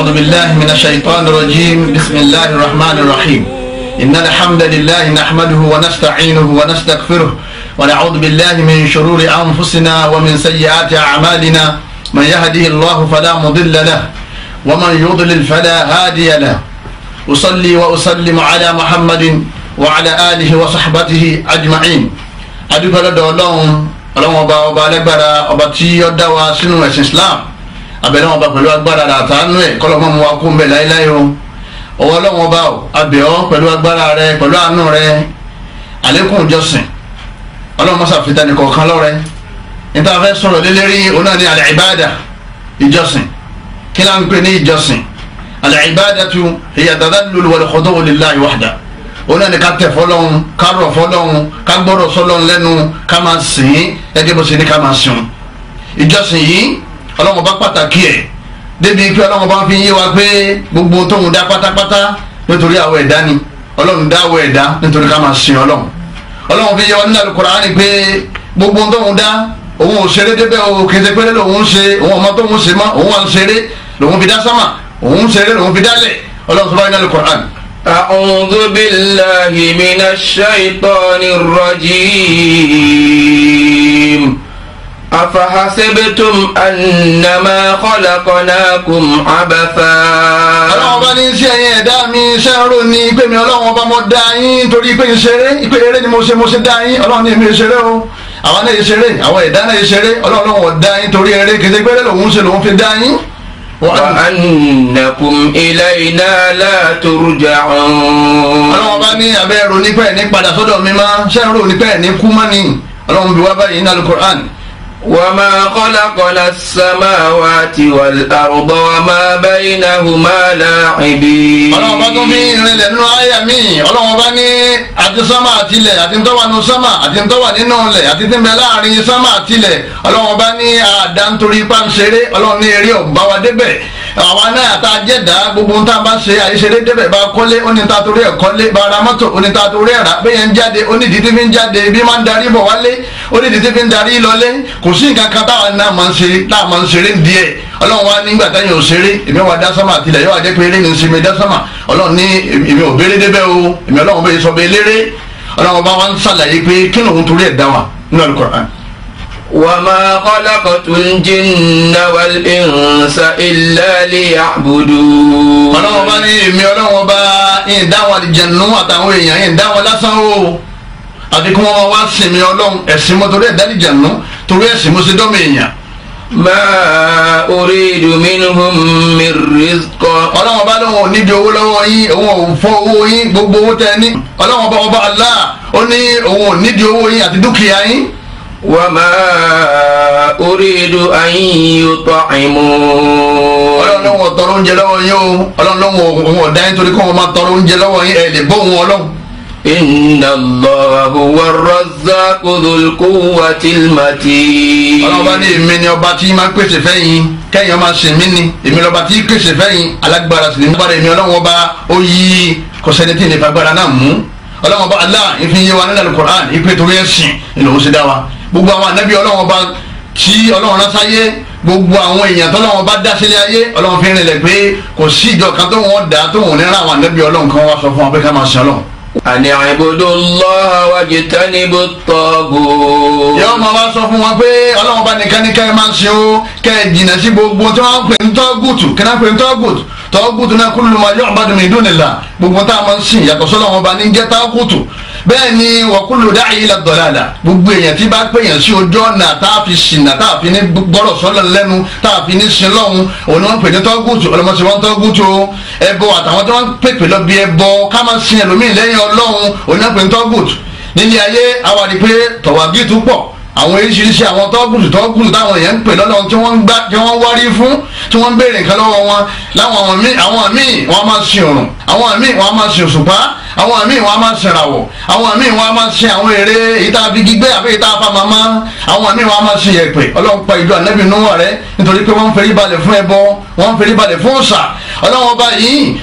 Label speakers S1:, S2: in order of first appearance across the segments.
S1: أعوذ بالله من الشيطان الرجيم بسم الله الرحمن الرحيم إن الحمد لله نحمده ونستعينه ونستغفره ونعوذ بالله من شرور أنفسنا ومن سيئات أعمالنا من يهده الله فلا مضل له ومن يضلل فلا هادي له أصلي وأسلم على محمد وعلى آله وصحبته أجمعين أدوك لدولهم ọlọ́wọ́n ọba ọba alẹ́gbára ọba tí ó abẹ́lẹ́ wọn bá pẹ̀lú agbára rẹ̀ àtàánú ẹ̀ kọ́lọ́ mọ́ mu wa kó ń bẹ̀ láéláé o ọwọ́ ọlọ́wọ́n bá o abẹ́ ọ pẹ̀lú agbára rẹ̀ pẹ̀lú àánú rẹ̀ àlékún ìjọsìn ọlọ́wọ́n mọ́sá fi tani kọ̀ọ̀kan lọ́rẹ́ níta fẹ́ sọ̀rọ̀ lélẹ́rí oná ní al-ibada ìjọsìn kí la ń pè ní ìjọsìn al-ibadatu hiya tadallul wal ìjọsìn yìí ọlọ́run bá pàtàkì ẹ̀ débi pé ọlọ́run bá fi yé wa pé gbogbo tóun dá pátápátá nítorí àwọ̀ ẹ̀dá ni ọlọ́run dá àwọ̀ ẹ̀dá nítorí ká máa sin ọlọ́run ọlọ́run fi yé wa nínú Al-Qur'ani pé gbogbo tóun dá òun ò ṣeré débẹ̀ o kété péré lòun ń ṣe òun ọmọ tóun ṣe mọ́ òun wà ń ṣeré lòun fi dá sámà
S2: òun ṣeré lòun fi dálẹ̀ ọlọ́run tó nínú al أعوذ بالله من الشيطان الرجيم afahasebtum annama khalaqnakum abatha. ọlọ́wọ́n bá ní sí ẹ̀yin ẹ̀dá mi iṣẹ́ ń rò ní pé mi ọlọ́wọ́n bá mo dá yín
S1: torí pé ìṣeré ìpè eré ni mo ṣe mo ṣe dá yín ọlọ́wọ́n ní èmi ìṣeré o àwọn náà ìṣeré àwọn ẹ̀dá náà
S2: ìṣeré ọlọ́wọ́n ò yín torí eré kìí ṣe pé lòun ṣe lòun fi dá yín. وأنكم إلينا لا ترجعون. ọlọ́wọ́n bá ní ọlọ́wọ́n bí ní وما خلقنا السماوات والأرض وما بينهما لاعبين. ọlọ́run bá tún fi ìrìnlẹ̀ nínú àyà mi ọlọ́run bá ní
S1: àti sánmà àtilẹ̀ àti ń tọ́wà nínú sánmà àti ń tọ́wà nínú ilẹ̀ àti ti ń bẹ láàrin sánmà àtilẹ̀ ọlọ́run bá ní àdá nítorí ipá ń ṣeré ọlọ́run ní eré ọ̀gbá wa débẹ̀ àwa náà tá a jẹ́dá gbogbo ń tá a bá ṣe àìṣeré débẹ̀ bá kọ́lé ó ní ta torí ẹ̀ kọ́lé bá ra mọ́tò ó ní ta torí ẹ̀ rà bẹ́ẹ̀ ń jáde ó ní ìdí tí fi ń jáde ibi máa ń darí bọ̀ wálé ó ní ìdí tí fi ń darí lọlé kò kò sí nǹkan kan táwọn náà máa ń ṣe táwọn máa ń ṣeré díẹ̀ ọlọ́run wa nígbà táyà ò ṣeré èmi wa dásánmà tilẹ̀ yóò wá jẹ́ pé eré ní sinmi dásánmà ọlọ́run ní èmi ò béèrè débẹ̀ o èmi ọlọ́run bẹ́ẹ̀ sọ bẹ́ẹ̀
S2: léré ọlọ́run bá wa ń ṣàlàyé pé kí lòun torí ẹ̀ dá wa nínú Al-Qur'an. وما خلقت الجن والإنس إلا ń dáwọ́ àlìjẹ̀nù ń dáwọ́
S1: lásán o ọlọ́run ẹ̀sìn mọ́tò torí
S2: ẹ̀sìn mo ṣe dọ́mọ èèyàn. ma uridu minhum min rizqa. ọlọ́wọ́n bá lóun ò owó lọ́wọ́ yín òun ò fọ́ owó yín gbogbo owó tẹ́ ẹ ní. ọlọ́wọ́n bá ọba Allah ó ní òun ò nídìí owó yín àti dúkìá yín. wàmà uridu an yut'imu. ọlọ́run lóun ò tọrọ oúnjẹ lọ́wọ́ yín o ọlọ́run lóun ò dá yín tọrọ oúnjẹ lọ́wọ́ yín ẹ̀ lè bọ́ òun ọlọ́run inna allah huwa ar-razzaq dhul quwwati al-matin. ọlọ́ba ní èmi ni ọba tí máa pèsè fẹ́yìn kẹ́yìn ọmọ sìn mí ni èmi lọ́ba tí pèsè
S1: fẹ́yìn alágbára sì ní bára èmi ọlọ́run ọba ó yí kọ́sẹ́ni tí nípa agbára náà mú ọlọ́run ọba allah ìfi yé wa nílẹ̀ alukur'an ìpè torí ẹ̀sìn ìlòwó sí dá wa gbogbo àwọn anábì ọlọ́run ọba tí ọlọ́run rán sáyé gbogbo àwọn èèyàn tọ́lọ́wọ́n bá dá sílé ayé ọlọ́run fi rinlẹ̀ pé kò sí ìjọ kan tó wọ́n dá tó wọ́n ní ra àwọn ànábì ọlọ́run kan wá sọ fún wọn pé ká máa ṣe ọlọ́run Ani àìbodò lọ́ha wájú tánibó tọ́gù. yóò máa wá sọ fún wọn pé ọlọ́run bá nìkan ní kẹ́rin máa ń ṣe ó kẹ́rin jìnnà sí gbogbo tí wọ́n pè ń tọ́gùtù kí pè ń tọ́gùtù tọ́gùtù náà kúlùmọ̀ yóò bá dùn dùn nìlà gbogbo táwọn máa ń sìn yàtọ̀ sọ́lọ́run bá ní jẹ́ tọ́gùtù bẹ́ẹ̀ ni wọ́kúlù dáhìí la dọ̀làlà gbogbo èèyàn tí bá pèèyàn sí ojú ọ̀nà tá a fi ṣìnà tá a fi ní gbọ́dọ̀ sọ́lọ̀ lẹ́nu tá a fi ní sin lọ́hùn òun wọn pè ní tọ́gùtù ọlọmọsí wọn tọ́gùtù ẹbọ àtàwọn tí wọ́n pèpè lọ bí ẹbọ ká má sin ẹlòmíì lẹ́yìn ọlọ́hun òun wọn pè ní tọ́gùtù nílé ayé àwàdí pé tọ̀wàgìtù pọ̀ àwọn oríṣiríṣi àwọn tọ́gùtù tọ́gùtù táwọn èèyàn ń pè lọ́dọ̀ tí wọ́n ń gbá tí wọ́n wárí fún tí wọ́n ń béèrè nǹkan lọ́wọ́ wọn láwọn àwọn míì àwọn míì wọ́n á máa sin òrùn àwọn míì wọ́n á máa sin òṣùpá àwọn míì wọ́n á máa sin ìràwọ̀ àwọn míì wọ́n á máa sin àwọn eré ìta fi gbígbé àbí ìta fa màmá àwọn míì wọ́n á máa sin yẹ̀pẹ̀ ọlọ́run pa ìjọ ànábì Nóà rẹ́ nítorí pé wọ́n ń ferí balẹ̀ fún ẹbọ wọ́n ń ferí balẹ̀ fún ọ̀sà ọlọ́run ọba yìí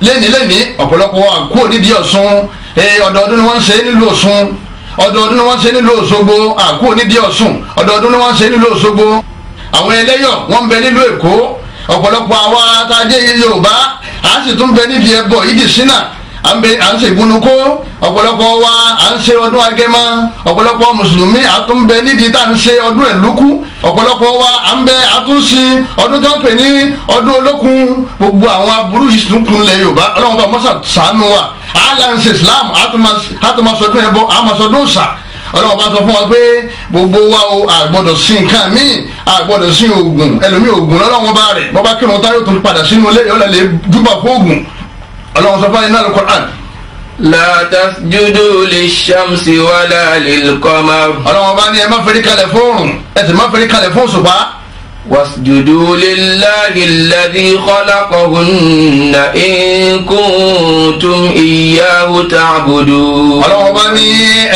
S1: ni lẹ́ni lẹ́ni ọ̀pọ̀lọpọ̀ wa kú òdìdí ọ̀sùn ọdọọdún ni wọ́n ń ṣe nílùú Ọ̀ṣun ọdọọdún ni wọ́n ń ṣe nílùú Òṣogbo àkú onídìí Ọ̀ṣun ọdọọdún ni wọ́n ń ṣe nílùú Òṣogbo àwọn ẹlẹ́yọ̀ wọ́n ń bẹ nílùú Èkó ọ̀pọ̀lọpọ̀ àwa tá a jẹ́ Yorùbá à sì tún bẹ nídìí ẹbọ ìdí sínà à ń ṣe ìbúnukó ọ̀pọ̀lọpọ̀ wa à ń ṣe ọdún agẹmọ ọ̀pọ̀lọpọ̀ mùsùlùmí àtúnbẹ nídìí tá à ń ṣe ọdún ẹ̀lúkú ọ̀pọ̀lọpọ̀ wa à ń bẹ àtúnṣe ọdún tó ń pè ní ọdún olókun gbogbo àwọn aburú yìí tún kun lẹ Yorùbá ọlọ́run bá mọ́sà sànú wa àlà ń ṣe Islam a àtúmọ̀sọdún ẹ̀bọ àmọ̀sọdún ṣà ọlọ́run bá sọ fún wa pé gbogbo wa o àgbọ̀dọ̀ sí nǹkan míì àgbọ̀dọ̀ sí oògùn ẹlòmíì oògùn lọ́lọ́run bá rẹ̀ bọ́ bá kírun táyọ̀ tó padà sínú ilé yọ̀ọ́lẹ̀ lè dúbà fún oògùn
S2: ọlọ́run sọ fún ẹni náà ló Qur'an. la tasjudu lish-shamsi wala lil-qamar. ọlọ́run bá ní ẹ má fẹ́rí kalẹ̀ fóòrùn ẹ sì má fẹ́rí kalẹ̀ fóòṣùpá. wasjudu lillahi alladhi khalaqahunna in kuntum iyyahu ta'budun. ọlọ́run bá ní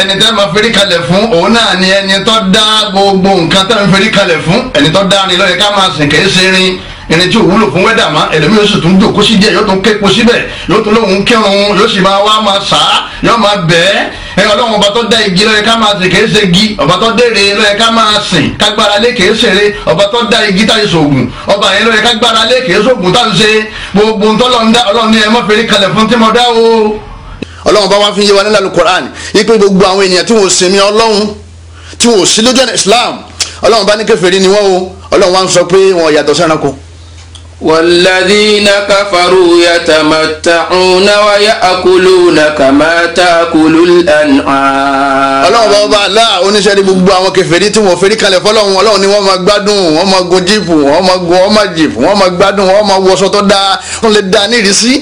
S2: ẹni
S1: tẹ́ máa fẹ́rí kalẹ̀ fún òun náà ni ẹni tó dá gbogbo nǹkan tẹ́ ń fẹ́rí kalẹ̀ fún ẹni tó dá ni ló yẹ ká máa sìn irin tí òwúlò fún wẹ́dà má ẹlẹ́mí yóò sì tún jòkó sí díẹ̀ yóò tún képo síbẹ̀ yóò tún lóun kírun yóò sì máa wá máa sá yóò máa bẹ́ẹ̀ ẹ ọlọ́run ọba tó dá igi lọ́yẹ ká máa sìn kìí ṣe igi ọba tó dére lọ́yẹ ká máa sìn kágbára lé kìí ṣeré ọba tó dá igi tá a ṣoògùn ọba yẹn lọ́yẹ kágbára lé kìí ṣoògùn tá a ṣe gbogbo ntọ́lọ́ndá ọlọ́run ni ẹ má fèrè kalẹ̀ fún tí mo dá o. ọlọ́run bá wá fi yé wa nílẹ̀ alukoran yìí pé gbogbo àwọn ènìyàn tí wọ́n sin mi ọlọ́run tí wọ́n sí lójú ọ̀nà Islam ọlọ́run bá ní kèfèrí ni wọ́n o ọlọ́run wá ń sọ pé wọn yàtọ̀ sẹ́ranko
S2: والذين كفروا يتمتعون ويأكلون كما تأكل الأنعام. ọlọ́run bá bá àlá oníṣẹ́ ní gbogbo àwọn kèfèrí tí wọ́n fẹ́rí kalẹ̀ fọlọ́run ọlọ́run ni wọ́n máa gbádùn wọ́n
S1: máa gun jíìpù wọ́n máa gun ọmọ jíìpù wọ́n máa gbádùn wọ́n máa wọṣọ tó dáa wọ́n lè dáa ní ìrísí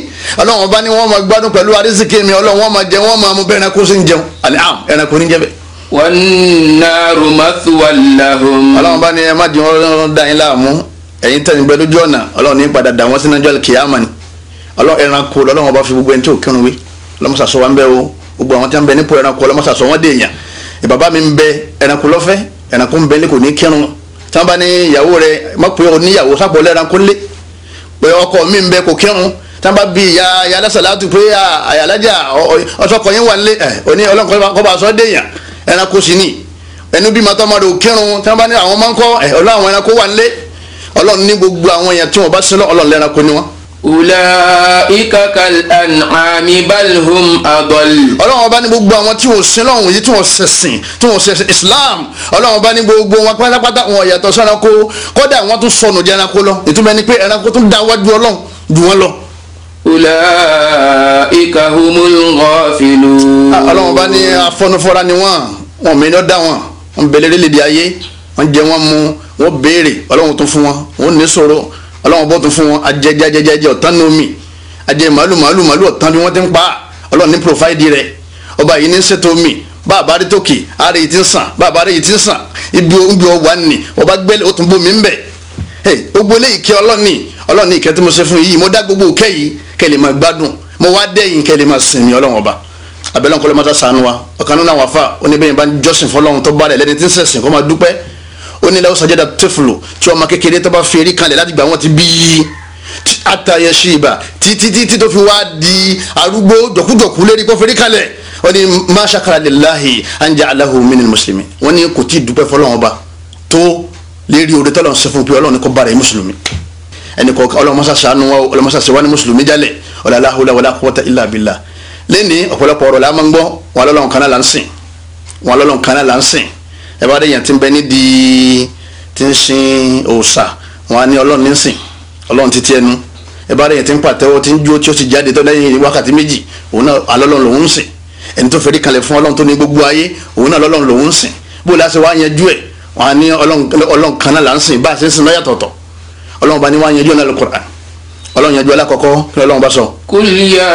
S1: ọlọ́run bá ní wọ́n máa gbádùn pẹ̀lú arísìkí mi ọlọ́run wọ́n máa jẹ wọ́n máa mú bẹ́ẹ̀ ẹranko sí ń jẹun
S2: àlẹ́ ẹranko ní jẹ́ bẹ́ẹ̀ wọ́n náà rò mọ́tò wà láhùn. ọlọ́run bá ní ẹ má dín wọn
S1: dá yín láàmú ẹ̀yin tẹ́ni bẹ lójú ọ̀nà ọlọ́run ní padà dà wọ́n sínú ọjọ́ kìyàmà ni ọlọ́run ẹranko lọ́lọ́run ọba fi gbogbo ẹni tí ò kírun wí lọ́mọ́sàsọ wa ń bẹ o gbogbo àwọn tí wọ́n bẹ nípò ẹranko lọ́mọ́sàsọ wọn dé èèyàn ìbàbá mi ń bẹ ẹranko lọ́fẹ́ ẹranko ń bẹ ní kò ní kírun tí wọ́n bá ní ìyàwó rẹ mọ̀pẹ́ oníyàwó sápọ̀ lẹ́ranko ńlé pé ọkọ mi ń bẹ kò kírun tí wọ́n bá bí ìyá ìyá alásàlátù pé àyàlájà ọ̀sọ́kọ yín wà ńlé oní ọlọ́run kọ́ bá sọ dé èèyàn ẹranko sì ni ẹnu bí màtọ́mọdé ò kírun tí wọ́n bá ní àwọn máa ń kọ́ ọlọ́run ẹranko wà
S2: ńlé ọlọ́run ní gbogbo àwọn èèyàn tí wọ́n bá sin ọlọ́run lẹ́ranko ni wọ́n. ulaika kal an'ami bal hum adall. ọlọ́run ọba ní gbogbo àwọn tí wọ́n sin lọ́hùn yìí
S1: tí wọ́n ṣẹ̀sìn tí wọ́n ṣẹ̀sìn Islam ọlọ́run ọba ní gbogbo wọn pátápátá wọn yàtọ̀ sẹ́ranko kódà wọ́n tún sọnù jẹ́ ẹranko lọ ìtumọ̀ ni pé ẹranko tún dáwájú ọlọ́run jù wọ́n lọ
S2: ulaika humul ghafilun. Ah, ọlọ́run bá
S1: ní wọ́n béèrè ọlọ́run tó fún wọn wọ́n ní sòro ọlọ́run bọ́ tó fún wọn ajẹjẹjẹjẹ ọ̀tán ní omi ajẹ màálù màálù màálù ọ̀tán bí wọ́n ti ń pa ọlọ́run ní pòfáìdì rẹ̀ ọba yìí ní ṣètò omi bàbá rí tòkè ààrẹ yìí ti ń sàn bàbá rí yìí ti ń sàn ibi ibi ọwà nì ọba gbẹ́lẹ̀ ó tún bomi ńbẹ̀ ẹ gbogbo eléyìí kí ọlọ́ni ọlọ́ni ìkẹ́ tí mo ṣe fún yìí mo dá gbogbo òkè yìí kẹ́ lè máa gbádùn mo wá dẹ́yìn kẹ́ lè máa sinmi ọlọ́run ọba abẹ́lẹ́ ọ̀kọ́lẹ́ mọ́tà sànù wa ọ̀kan nínú àwọn afa oníbẹ̀yìn bá ń jọ́sìn fọlọ́run tó bá rẹ̀ lẹ́ni tí ń ṣẹ̀sìn kó máa dúpẹ́ ó ní lẹ́wọ́n sàjẹ́dà tẹ́fùlù tí ọmọ kékeré tó bá fèrè kalẹ̀ láti gbà wọ́n ti bí i àtàyẹ̀ ṣe ibà títí tó fi wá di arúgbó jọ̀kújọ̀kú lérí pọ́ fèrè kalẹ̀ wọ́n ní má ṣàkàrà anja alahu minil muslimin wọ́n ní kò tí ì dúpẹ́ fọlọ́wọn ọba tó lérí orí tọ́lọ́ ṣe fún pé ọlọ́run kò bára ẹ̀ mùsùlùmí ẹnì kọ̀ọ̀kan ọlọ́run mọ́sá ṣàánú wa ọlọ́run mọ́sá ṣe wá mùsùlùmí jálẹ̀ ọ̀là aláhùlà wàlá quwwata illa billah lẹ́ni ọ̀pọ̀lọpọ̀ ọ̀rọ̀ la máa ń gbọ́ wọn lọ́lọ́run kan náà là ń sìn wọn lọ́lọ́run kan náà là ń sìn ẹ bá rí èèyàn tí ń bẹ nídìí tí ń sin òòṣà wọn á ní ọlọ́run ní sìn ọlọ́run títí ẹnu ẹ bá rí èèyàn tí ń pàtẹ́wọ́ tí ń jó tí ó sì jáde tó lẹ́yìn wákàtí méjì òun náà alọ́lọ́run lòún sìn ẹni tó fẹ́rí kalẹ̀ fún ọlọ́run tó ní gbogbo ayé òun náà lọ́lọ́run lòún sìn bó láti wá yanjú ẹ̀ wọn á ní ọlọ́run kan náà là ń sìn bá a ṣe ń sìn lọ́yàtọ̀ọ̀tọ̀ ọlọ́run bá ní wá yanjú ọ̀nà lọ́kọ̀ọ́ ọlọ́run yanjú alákọ̀ọ́kọ́ kí ọlọ́run bá sọ.
S2: kúlíà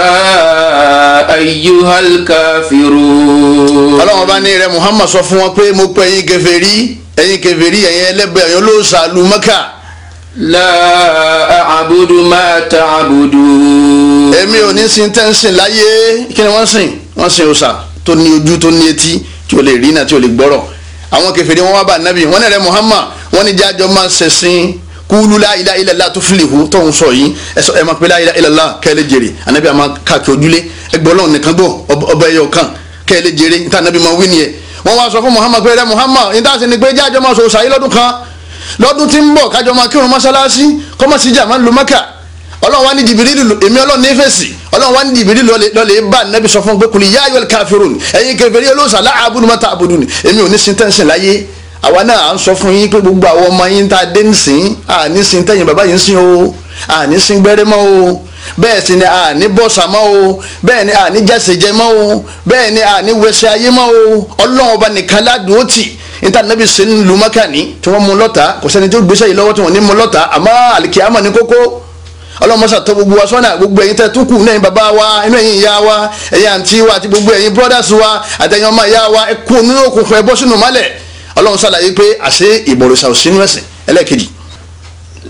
S2: ayyuhal kafirun. ọlọ́run bá ní rẹ muhammad sọ
S1: fún wọn pé mo pè ẹ̀yin kèfèrí
S2: ẹ̀yin kèfèrí ẹ̀yin ẹlẹ́bẹ̀ ẹ̀yin
S1: olóòṣà lu mẹ́kà. la àbùdù máa ta àbùdù. èmi ò ní sin tẹ́ǹsìn láyé kí ni wọ́n sìn wọ́n sìn òòṣà tó ní ojú tó ní etí tí o lè rí náà tí o lè gbọ́rọ̀ àwọn kèfèrí wọn wá bá nábì wọn ní rẹ muhammad wọn ní jájọ máa ṣẹ̀sìn kúlú la ilaha illallah tuflihu tóun sọ yìí ẹ sọ ẹ máa pe la ilaha illallah kẹ́lẹ́ jèrè anabi àmà káàkiri ojúlé ẹgbẹ́ ọlọ́run nìkan gbọ́ ọba ẹyọ kan kẹ́lẹ́ jèrè níta anabi máa wí nìyẹn wọ́n wá sọ fún muhammad pé rẹ muhammad níta sì ni pé jájọ́ máa sọ sàyí lọ́dún kan lọ́dún tí ń bọ̀ kájọ́ máa kírun mọ́sálásí kọ́mọ́sí jà máa ń lu mẹ́kà ọlọ́run wá ní jìbìrìlì èmi ọlọ́run ní fèsì ọlọ́run wá ní jìbìrìlì lọ́lẹ̀ bá nẹ́bí sọ fún pé kùlì yáyọ̀ káfíròn ẹ̀yin kẹfẹ́rí olóòsà láàbùdùmọ́ta àbùdùn èmi ò ní sin tẹ́ǹsìn láyé àwa náà à ń sọ fún yín pé gbogbo àwọn ọmọ yín tá a dé nísìn àní sin tẹ̀yìn bàbá yín sin o àní sin gbẹ́rẹ́ mọ́ o bẹ́ẹ̀ sì ni àní bọ́sà mọ́ o bẹ́ẹ̀ ni àní jẹ́sẹ̀jẹ́ mọ́ o bẹ́ẹ̀ ni àní wẹsẹ̀ ayé mọ́ o ọlọ́run ọba nìkan ládùn ó tì níta níbi sẹ́ni lu mọ́kàní tí wọ́n mú lọ́ta kò sẹ́ni tó gbéṣẹ́ yìí lọ́wọ́ tí wọ́n ní mú lọ́ta àmọ́ àlìkíyàmọ̀ ní kókó ọlọ́mọṣà tó gbogbo wa sọ́nà gbogbo ẹ̀yin tẹ́ tún kù ẹ̀yin bàbá wa inú ẹ̀yin ìyá wa ẹ̀yin àǹtí wa àti gbogbo ẹ̀yin brothers wa àtẹ̀yin ọmọ ìyá wa ẹ̀kú oníròkùnfẹ́ bọ́ sínú mọ́lẹ̀ ọlọ́run sàlàyé pé àṣé ìbọ̀rìṣà ò sínú ẹ̀sìn ẹlẹ́ẹ̀kejì.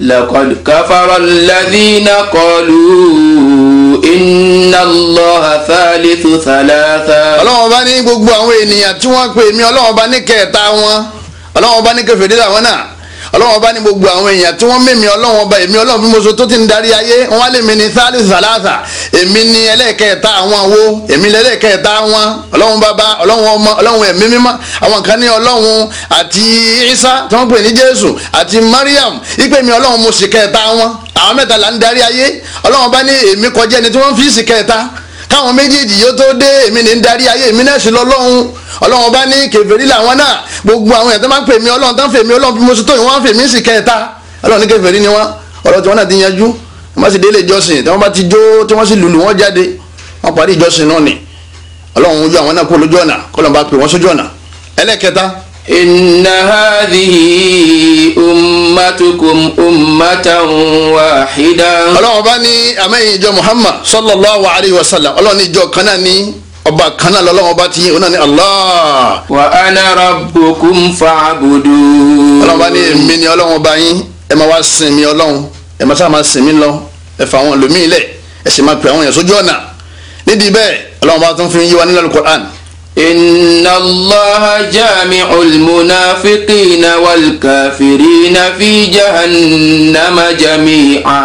S2: laqad kafara alladhina qalu inna allaha thalithu thalatha. ọlọ́run bá ní
S1: gbogbo àwọn ènìyàn tí wọ́n pè mí ọlọ́run bá ní kẹta wọn ọlọ́wọ́n bá ní gbogbo àwọn èèyàn tí wọ́n mímí ọlọ́wọ́n bá èmi ọlọ́wọ́n bí mo so tó ti ń darí ayé wọ́n wá lè mi ní sáálì sàlásà èmi ní ẹlẹ́ẹ̀kẹta àwọn wo èmi ní ẹlẹ́ẹ̀kẹta wọn ọlọ́wọ́n bàbá ọlọ́wọ́n ọmọ ọlọ́wọ́n ẹ̀mí mímọ́ àwọn kan ní ọlọ́wọ́n àti Isa tí wọ́n pè ní Jésù àti Mariam ipe mi ọlọ́wọ́n mo sì kẹta wọn àwọn mẹ́ta là ń darí ayé ọlọ́wọ́n bá ní èmi kọjá ẹni tí wọ́n fi sì kẹta káwọn méjèèjì yóò tó dé èmi ní ń darí ayé èmi náà sì lọ lọ́hún ọlọ́run bá ní kèfèrí làwọn náà gbogbo àwọn èèyàn tó máa ń pè mí ọlọ́run tó ń fè mí ọlọ́run bí mo sọ́tò yìí wọ́n ń fè mí sì kẹta ọlọ́run ní kèfèrí ni wọ́n ọ̀rọ̀ tí wọ́n náà ti yanjú wọ́n bá sì délé ìjọsìn tí wọ́n bá ti jó tí wọ́n sì lùlù wọ́n jáde wọ́n parí ìjọsìn náà ni ọlọ́run ojú àwọn náà kó lójú ọ̀nà kọ́lọ́n bá pè wọ́n sójú
S2: ọ̀nà ẹlẹ́kẹta إن هذه أمتكم أمة واحدة ọlọ́run ọba ní amẹ́yìn ìjọ muhammad
S1: sallallahu alayhi wa sallam ọlọ́run ìjọ kan náà ní ọba kan náà lọ́lọ́run ọba ti yín ọ̀nà ní allah. wa ana rabbukum fa'budu. ọlọ́run ọba ní èmi ni ọlọ́run ọba yín ẹ máa wá sìn mí ọlọ́run ẹ máa sábà máa sìn mí lọ ẹ fà àwọn ẹlòmíín lẹ̀ ẹ sì máa pè àwọn èèyàn
S2: sójú ọ̀nà nídìí bẹ́ẹ̀ ọlọ́run ọba tún fi yí wa nílẹ̀ lọ́kọ̀ọ́ إن الله جامع المنافقين والكافرين في جهنم جميعا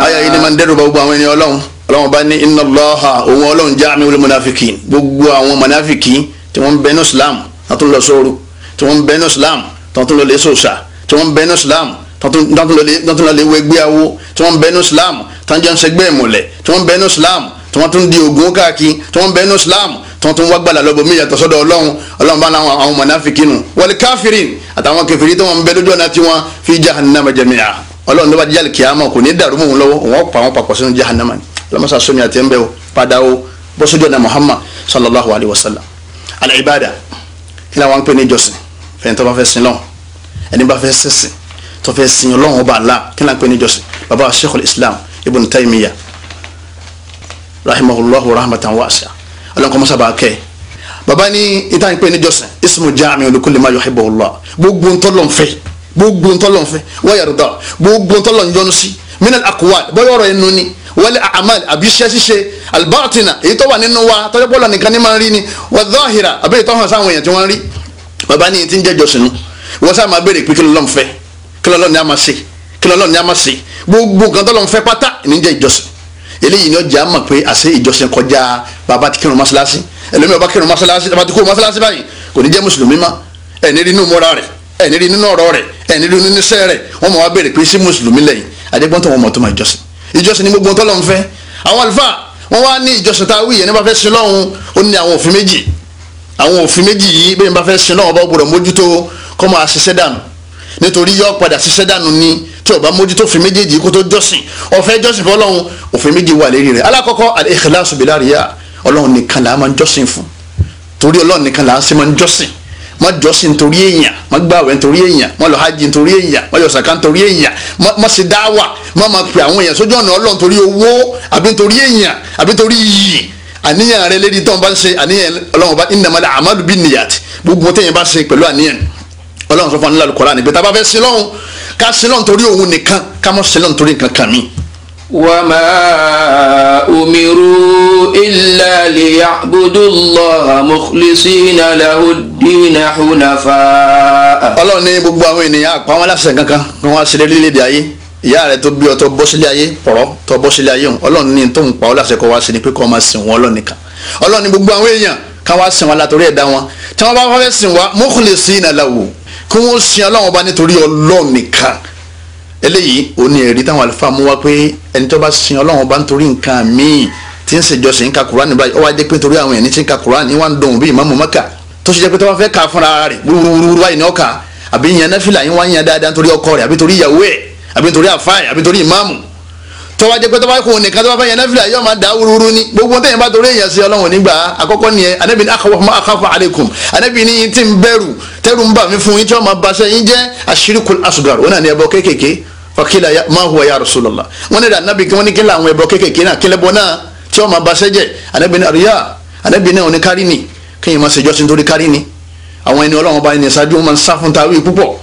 S2: aya yìí ni máa ń dẹ́rù bà gbogbo àwọn ẹni ọlọ́run ọlọ́run
S1: bá ní inna Allaha òun ọlọ́run jamiu lil munafiqin gbogbo àwọn munafiqin tí wọ́n ń bẹ́nu islam tó tún lọ sóoru tí wọ́n ń bẹ́nu islam tó tún lọ lé sòṣà tí wọ́n ń bẹ́nu islam tó tún lọ lé wẹgbẹ́ awo tí wọ́n ń bẹ́nu islam tó ń jẹun sẹgbẹ́ ìmọ̀lẹ̀ tí wọ́n ń bẹ́nu islam tí wọ́n tún di ògùn káàkiri tí wọ́n ń bẹ́nu islam tuntun wá gbàlà lọ́bọ̀ mí yàtọ̀ sọ́dọ̀ ọlọ́run ọlọ́run bá láwọn àwọn mọ̀nàfíkì nù wọlé káfírin àtàwọn kẹfìrí tó wọn bẹ lójú ọ̀nà tiwọn fi jahannama jẹmíà ọlọ́run ló bá díjà kìámọ̀ kò ní dàrú mọ̀ lọ́wọ́ wọn pa wọn papọ̀ sínú jahannama lọ́mọ́sá sómi àti ẹ̀ ń bẹ o padà o bọ́ sójú ọ̀nà Muhammad sallallahu alayhi wa sallam al-ibada kí ni àwọn ń pè ní ìjọsìn fẹ́ni tó bá fẹ́ sin lọ́hùn ẹni bá baba sheikhul islam ibn taymiya rahimahullahu rahmatan wasi'a ọlọ́nkọ́mọ́sá bá kẹ́ baba ní ìtàn ìpè níjọsìn ismu jaami olùkọ́lẹ̀ máa yọ̀hẹ́ bọ̀ọ̀lá gbogbo ntọ́lọ́nfẹ́ gbogbo ntọ́lọ́nfẹ́ wáyàrúdà gbogbo ntọ́lọ́njọ́nusí minal akuwal bọ́yọ̀rọ̀ ẹnu ni wal amal àbí iṣẹ́ ṣíṣe albatina èyí tó wà nínú wa tọ́jú bọ́ọ̀lù nìkan ní máa ń rí ni wadhahira àbí èyí tó hàn sáwọn èèyàn tí wọ́n rí baba ní ti ń jẹ́ jọ̀sìn nu wọ́n sáà máa béèrè pé kí lọ́lọ́run fẹ́ kí ni a máa ṣe kí lọ́lọ́run ni a máa ṣe gbogbo nǹkan tọ́lọ́run fẹ́ pátá ní jẹ́ ìjọsìn eléyìí ni ọjà mọ̀ pé àṣẹ ìjọsìn kọjá bàbá ti kírun mọ́ṣáláṣí ẹlòmíràn bá kírun mọ́ṣáláṣí bàbá ti kó mọ́ṣáláṣí báyìí kò ní jẹ́ mùsùlùmí mọ́ ẹni rí inú múra rẹ̀ ẹni rí nínú ọ̀rọ̀ rẹ̀ ẹni rí nínú iṣẹ́ rẹ̀ wọ́n mọ̀ wá béèrè pé sí mùsùlùmí lẹ́yìn adégbọ́n tó wọn mọ̀ tó máa ìjọsìn ìjọsìn ni gbogbo ohun tọ́lọ́run fẹ́ àwọn àlùfáà wọ́n wá ní ìjọsìn tá a wí yẹn nípa fẹ́ sin lọ́hùn ó ní àwọn òfin méjì àwọn òfin méjì yìí bẹ́ẹ̀ nípa fẹ́ sin lọ́hùn ọba gbọ́dọ̀ mójútó kọ́ máa ṣiṣẹ́ dànù nítorí yọ padà ṣiṣẹ́ dànù ni tí o bá mójútó òfin méjèèjì kó tó jọ́sìn ó fẹ́ jọ́sìn fún ọlọ́run òfin méjì wà lérí rẹ̀ alákọ̀ọ́kọ́ al-ikhlasu bila riya ọlọ́run nìkan là á máa ń jọ́sìn fún torí ọlọ́run nìkan là á sì máa ń jọ́sìn má jọ́sìn nítorí èèyàn má gbàwẹ̀ nítorí èèyàn má lọ hajj nítorí èèyàn má yọ sàká nítorí èèyàn má ṣe dáwà má máa pe àwọn èèyàn sójú ọ̀nà ọlọ́run torí owó àbí nítorí èèyàn àbí nítorí iyì àníyàn rẹ lérí tó ń bá ń ṣe ọlọ́run sọ fún wa nílẹ̀ Al-Qur'ani tá a bá fẹ́ sin lọ́hùn ká sin lọ́hùn torí òun nìkan ká mọ́ sin lọ́hùn torí nǹkan kan mi.
S2: wàmà umiru illa liya'budullaha mukhlisina lahud-dina hunafa. ọlọ́run ní gbogbo àwọn ènìyàn àpá wọn láṣẹ kankan kí wọ́n á ṣe
S1: lérílẹ̀-èdè ayé ìyá rẹ tó bí ọ tó bọ́ sílé ayé pọ̀rọ́ tó bọ́ sílé ayé ọlọ́run ní tó pa ọ́ láṣẹ kọ́ wá sí ni pé kọ́ máa sìn wọn ọlọ́run nìkan ọlọ́run ní gbogbo àwọn èèyàn ká wá sìn wọn látòrí ẹ̀dá wọn tí wọ́n bá fẹ́ sìn wọn mukhlisina lahu kí wọ́n sin ọlọ́run ọba nítorí ọlọ́run nìkan eléyìí ò ní ẹ̀rí táwọn àlùfáà mú wá pé ẹni tó bá sin ọlọ́run ọba nítorí nǹkan míì tí ń ṣèjọsìn ka Kùránì báyìí ó wá dé pé nítorí àwọn ẹni tí ń ka Kùránì wá ń dùn bí ìmáàmù Mákà tó ṣe jẹ́ pé tó bá fẹ́ ka fúnra rẹ̀ wúrúwúrú báyìí ní ọkà àbí yan náfìlà yín wá yan dáadáa nítorí ọkọ rẹ̀ àbí nítorí ìyàwó ẹ̀ àbí nítorí àfáà àbí nítorí ìmáàmù tọ́wá jẹ́ pé tọ́wá kò nìkan tọ́wá fẹ́ yẹn náfìlà yóò máa dá wúrúwúrú ni gbogbo tẹ̀yìn bá torí èèyàn sí ọlọ́run nígbà àkọ́kọ́ nìyẹn anabi ní akhafu akhafu alaykum anabi ní tí ń bẹ̀rù tẹ́rù ń bà mí fún yín tí wọ́n máa baṣẹ́ yín jẹ́ ashirikul asghar wọn náà ní ẹbọ kéékèèké fakila ma huwa ya rasulullah wọn ní anabi wọn ní kí làwọn ẹbọ kéékèèké náà kí lẹ́bọ náà tí wọ́n máa baṣẹ́ jẹ́ anabi ní àríyá anabi náà ní kárí ni kéèyàn máa ṣèjọ́ sí nítorí kárí ni àwọn ẹni ọlọ́run ọba ẹni ìṣáájú wọn máa ń sá fún tawí púpọ̀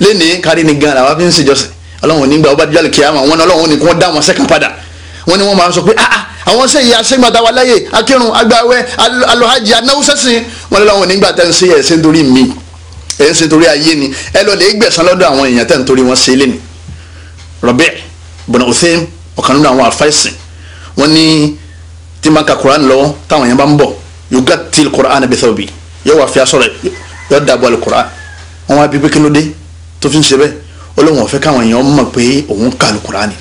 S1: lénìí kárí ni gan làwọn fi ń ṣèjọ́sìn ọlọ́run nígbà ọba díjọ́ àlùkìyà àwọn wọn ọlọ́run ní kí wọ́n dá wọn sẹ́kàn padà wọn ni wọ́n máa sọ pé ah ah àwọn sẹ́yìn aṣẹ́gbàdáwà láyè akírun agbáwẹ́ alọ́hajì anáwọ́sẹ́sìn wọn lọ́wọ́ nígbà tẹ́ ń ṣe ẹ̀sìn torí mi ẹ̀sìn torí ayé ni ẹ lọ lè gbẹ̀sán lọ́dọ̀ àwọn èèyàn tẹ́ ń torí wọn ṣe lé ni Rabi bọ̀nà òfin ọ̀kan nínú àwọn àfẹ́sìn wọn ní tí máa ka Quran lọ́wọ́ táwọn èèyàn bá ń bọ̀ yóò til Quran bẹ́ẹ̀ sọ́ọ̀bì yóò wà fi aṣọ rẹ̀ yóò dàbọ̀ al Quran wọn wá bí pé kí ló dé tó fi ń ṣe bẹ́ẹ̀ ọlọ́run ọ̀fẹ́ káwọn èèyàn mọ̀ pé òun ka alukurani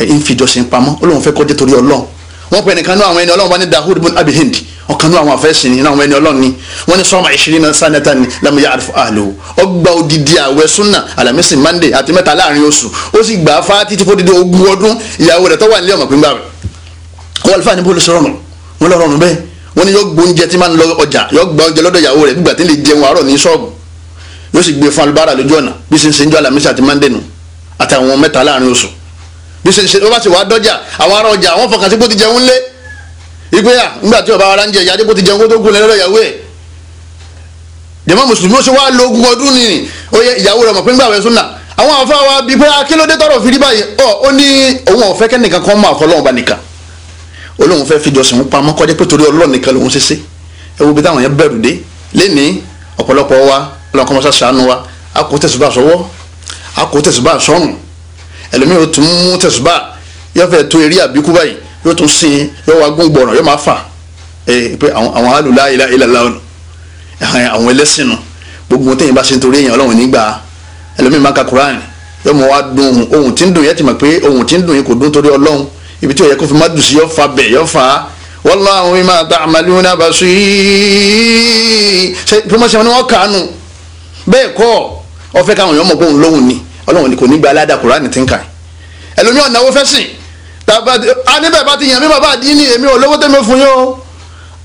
S1: ń fi ìjọsìn pamọ́ ọlọ́run fẹ́ kọjá torí ọlọ́run wọ́n pẹ̀ nìkan náà àwọn ẹni ọlọ́run bá ní dahud bin abi hind àwọn afẹ́sìn ní àwọn ẹni ọlọ́run ni wọ́n ní sọ́mà ìṣirin náà sanata ni lamu ya alifu alo ọgbà odidi àwẹ̀ sunna alamisi mande àti mẹ́ta láàrin oṣù ó sì gbà á fa títí fó dídé ogún ọdún ìyàwó rẹ̀ tó wà nílé ọmọ pínpín àwẹ̀ wọ́n alifa ní bó ló sọ rọrùn wọ́n lọ rọrùn bẹ́ẹ̀ wọ́n ní yọ gbóúnjẹ tí máa ń lọ ọjà yọ gbà yóò sì gbé fún alubára lójú ọ̀nà bí ṣe ń ṣe ń jọ alamisa àti mandenu àtàwọn mẹ́ta láàrin oṣù bí ṣe ń ṣe wọ́n bá sì wá dọ́jà àwọn ará ọjà àwọn fọkàn sí bó ti jẹun lé ìgbéyà ńgbà tí ọba ara ń jẹ ìyá adébó ti jẹun kó tó gún lẹ́lọ́dọ̀ ìyàwó ẹ̀ jẹ̀mọ́ mùsùlùmí ó ṣe wá lo ogún ọdún nìyí oyè ìyàwó rẹ̀ mọ̀ pé ńgbà wẹ̀ súnà àwọn àfa wa bíi pé akílódé tọrọ fi rí báyìí ọ ó ní òun ọ̀fẹ́ kẹ́nìkan kan mọ àfọlọ́wọn ba nìkan olóhùn fẹ́ fìjọsìn pamọ́ kọjá pé torí ọlọ́ọ̀ nìkan lòun ṣe ṣe ẹ wo bí táwọn yẹn bẹ̀rù dé lẹ́ni ọ̀pọ̀lọpọ̀ wa ọlọ́kọ́ mọ́sá sànú wa a kò tẹ̀sùbà sọ́wọ́ a kò tẹ̀sùbà sọ́run ẹlòmíì yóò tún mú tẹ̀sùbà yóò fẹ́ tó eré àbíkú báyìí yóò tún sin yóò wá gún gbọ̀ràn yóò máa fà ẹ pé àwọn alùlá ilà ilà lánà àwọn ẹlẹ́sìn nù gbogbo ohun tẹ̀yìn bá ṣe nítorí èèyàn ọlọ́run nígbà ẹlòmíì máa ka Quran yóò mọ̀ wá dùn ohun tí ń dùn yẹn ti mọ̀ pé ohun tí ń dùn yẹn kò dùn torí ọlọ́run ibi tí ó fi má dùn sí yọ fa bẹ̀ yọ fa wallahu bima ta'maluna basir ṣe bí wọ́n ṣe wọn ni wọ́n kà á nù bẹ́ẹ̀ kọ́ ọ fẹ́ káwọn èèyàn mọ̀ bóun lóhùn ni ọlọ́run ni kò ní gba aládàá kúránì tí ń kà ẹlòmíràn náwó fẹ́ sìn tàbá a bá ti yàn mí bàbá àdínì èmi ò lówó tẹ́mi fún yín o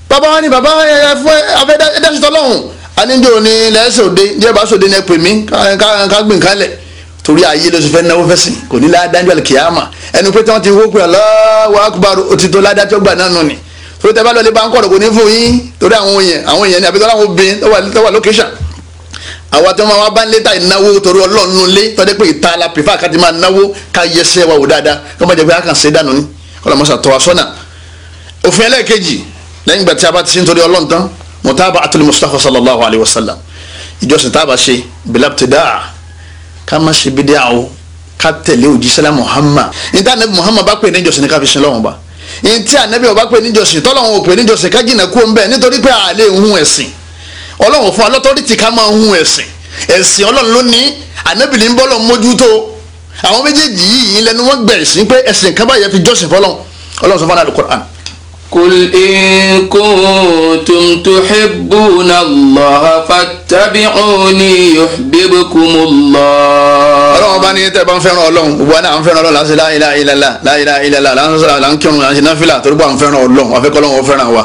S1: bàbá wa ni bàbá ẹ fún afẹ́ dẹ́sí tọ́lọ́hún aníjó ni lẹ́sẹ̀ òde díẹ̀ bá sòde ní ẹ pè mí ká gbìn kálẹ̀ torí ayé ló sì fẹ́ náwó fẹ́ sìn kò ní ládájọ́ àlùkìyàmà ẹnu pé tí wọ́n ti wó pé Allahu Akbar òtítọ́ ládájọ́ gbà náà nù ni torí tẹ́ bá lọ lé bá ń ni àbí tọ́lá àwọn obìnrin tó wà lókèṣà àwa tí wọn wá bá ń lé táyì náwó torí ọlọ́run nínú ilé tọ́jú pé ìta la pèfà ká máa náwó ká yẹsẹ̀ wa wò dáadáa kí wọ́n bá jẹ́ pé a kàn ṣe dànù ni kọ́ làmọ́sà tọ́ wa sọ́nà òfin ẹlẹ́ẹ̀kejì lẹ́yìn ìgbà tí a bá ti ṣe nítorí ọlọ́run tán mọ̀tàbà àtúlẹ̀ Mustafa sallallahu alayhi wa sallam ìjọsìn tá a bá ṣe bilab ti dáa ká má ṣe bí dáa o ká tẹ̀lé òjíṣẹ́lá Muhammad níta anabi Muhammad bá pè ní ba níta anabi ọba pè ní ìjọsìn tọ́lọ́wọ́n ò pè ní ìjọsìn ká jìnnà kú ń bẹ́ẹ̀ nítorí ọlọ́run fún alọ́tọ́rìtì ká máa hun ẹ̀sìn ẹ̀sìn ọlọ́run ló ní ànábìlì ń bọ́lọ̀ mójútó àwọn méjèèjì yìí lẹnu wọn gbẹ̀ sí pé ẹ̀sìn kan báyẹn fi jọ́sìn fọlọ́run ọlọ́run sọ fún aláàlú Qur'an.
S2: قل إن كنتم تحبون الله فاتبعوني يحببكم الله. ọlọ́run ọba ní tẹ́ bá ń fẹ́ràn ọlọ́run gbogbo àná à ń fẹ́ràn ọlọ́run láti láìláìlá láìláìlá láńsọ̀rọ̀ là ń kírun láti náfìlà torí
S1: bá ń fẹ́ràn ọlọ́run àfẹ́kọ́ ọlọ́run ó fẹ́ràn wa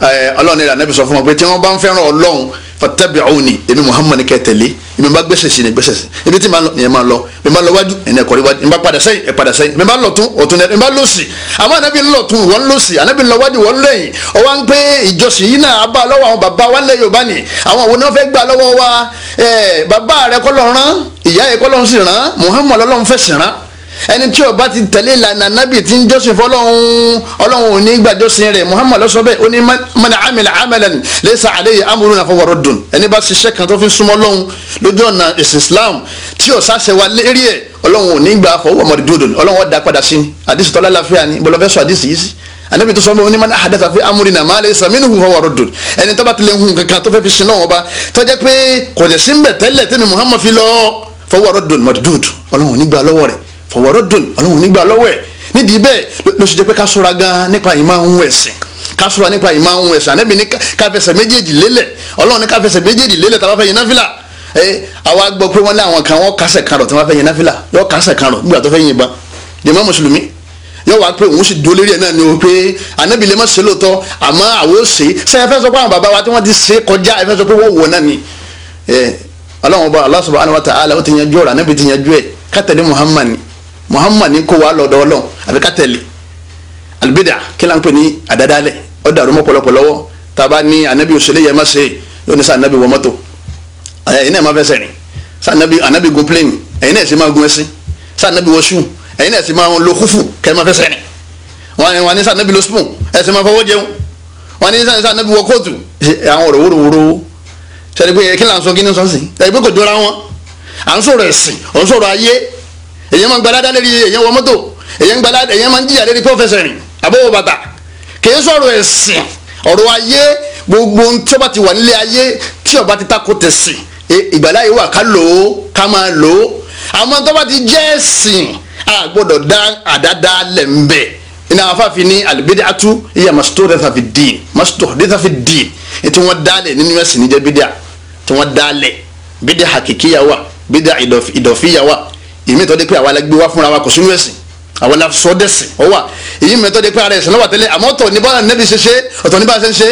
S1: ọlọ́run ìlànà ẹ̀bí sọ fún wọn pé tí wọ́n bá ń fẹ́ràn ọlọ́run fatabi'uni èmi muhammad kẹ́ tẹ̀lé èmi bá gbèsè sí ni gbèsè sí ibi tí ìyẹn máa lọ èmi bá lọ wájú ẹ̀yìn ẹ̀kọ́ rí wájú èmi bá padà sẹ́yìn ẹ̀ padà sẹ́yìn èmi bá lọ tún ọ̀tún èmi bá lọ sí àmọ́ ànábì lọ tún wọ́n lọ sí ànábì lọ wájú wọ́n lẹ́yìn ọwọ́ ń pé ìjọsìn yìí náà bá lọ́wọ́ àwọn bàbá wa lẹ́ yorùbá ni àwọn òun náà fẹ́ gbà lọ́wọ́ wa bàbá rẹ kọ́ lọ́ọ́ rán ìyá rẹ kọ́ lọ́ọ́ sì rán muhammad lọ́ọ́ fẹ́ sì rán ẹni tí ó bá ti tẹ̀lé ìlànà nábì tí ń jọ́sìn fọlọ́hún ọlọ́hún ò ní gbàjọ́sìn rẹ̀ Muhammadu lọ́sọ bẹ́ẹ̀ ó ní man amila amalan laysa alayhi amruna fahuwa raddun ẹni bá ṣiṣẹ́ kan tó fi súnmọ́ ọlọ́hún lójú ọ̀nà ẹ̀sìn islam tí ò sáṣẹ wa lérí ẹ̀ ọlọ́hún ò ní gbà fahuwa mardudun ọlọ́hún ó dá padà sí àdìsí tọ́lá láfíà ni bọ́lọ́fẹ́sọ àdìsí yìí sí anabi tó sọ fún mi ní man ahdatha fi amúrinà máa lè sàmínú hùwà wà rọdùn ẹni tó bá tilẹ̀ hùn kankan tó fẹ́ fi sinú ọba tó jẹ́ pé kò ń bẹ̀ tẹ́lẹ̀ tẹ́lẹ̀ muhammad fi lọ fọwọ́ rọdùn mọ̀dúdùd ọlọ́run nígbà lọ́wọ́ rẹ̀ fọwọ́rọ́dùn ọlọ́run nígbà lọ́wọ́ ẹ̀ nídìí bẹ́ẹ̀ ló ṣe jẹ́ pé ká ṣọ́ra gan nípa ìmọ̀ ohun ẹ̀sìn ká ṣọ́ra nípa ìmọ̀ ohun ẹ̀sìn ànábì ní ká fẹsẹ̀ méjèèjì lélẹ̀ ọlọ́run ní ká fẹsẹ̀ méjèèjì lélẹ̀ tá a bá fẹ́ yẹn náfìlà ẹ àwa gbọ́ pé wọ́n ní àwọn kan wọ́n kásẹ̀ kan rọ̀ tí fẹ́ yẹn náfìlà yọ kásẹ̀ kan rọ̀ nígbà tó fẹ́ yìnbọn jẹ̀mọ́ mùsùlùmí yóò wá pé òun sì dúró lórí ẹ̀ náà ni o pé ànábì lè má ṣe lóòótọ́ àmọ́ àwọn ò ṣe ṣe ẹ fẹ́ sọ pé àwọn bàbá wa tí wọ́n ti ṣe kọjá ẹ fẹ́ sọ pé wọ́n wò náà ni ọlọ́run ọba Allah subhanahu wa ta'ala ó ti yanjú ọ̀rọ̀ ànábì ti yanjú ẹ̀ kátẹ́lẹ́ Muhammad ni muhammad ni kó wa lọ́dọ̀ ọlọ́run àfi ká tẹ̀lé alibida kí ló ń pè ní àdádálẹ̀ ó dàrú mọ́ pọ̀lọpọ̀ lọ́wọ́ tá a bá ní anabi òṣèlè yẹn má ṣe yóò ní sá anabi wọ mọ́tò ẹ̀yin náà ma fẹsẹ̀ rìn sá anabi anabi gun plane ẹ̀yin náà sì máa gun ẹṣin sá anabi wọ shoe ẹ̀yin náà sì máa lo kúfù kẹ́ má fẹsẹ̀ rìn wọn ní sá anabi lo spoon ẹ̀ sì máa fọwọ́ jẹun wọn ní sá anabi wọ kóòtù àwọn ọ̀rọ̀ wúrowúro sẹ́ni pé kí ló ń sọ kí ni sọ́sìn ẹ̀ pé kò dúró ra wọn à ń sọ̀rọ̀ ẹ̀sìn ò ayé èyàn máa ń gbalada lérí èyàn wọ mọ́tò èyàn gbalada èyàn máa ń jìyà lérí pọ́fẹ́sẹ̀ rìn àbọ̀wò bàtà kìí sọ̀rọ̀ ẹ̀sìn ọ̀rọ̀ ayé gbogbo tí ó bá ti wà nílé ayé tí ó bá ti tako tẹ̀sìn e, ìgbàláyé wà ká lò ó ká máa lò ó àmọ́ tó bá ti jẹ́ ẹ̀sìn a gbọ́dọ̀ dá àdáda lẹ̀ ń bẹ̀ iná afáfin ní al-bid'atu iya mastuhdatha fi din mastuhdatha fi din tí wọ́n dálẹ̀ nínú ẹ̀sìn níjẹ́ bídíà tí wọ́n dálẹ̀ bídíà hakikiya wà bídíà ìdọ̀fíya wà èmi tọ́ de pé àwa la gbé wá fúnra wa kò sínú ẹ̀sìn àwa la sọ dẹ̀sìn ọ wà èyí mi tọ́ de pé ara ẹ̀sìn náà wà tẹ́lẹ̀ àmọ́ ọ̀tọ̀ ní bára nẹ́bi ṣe ṣe ọ̀tọ̀ ní bára ṣe ń ṣe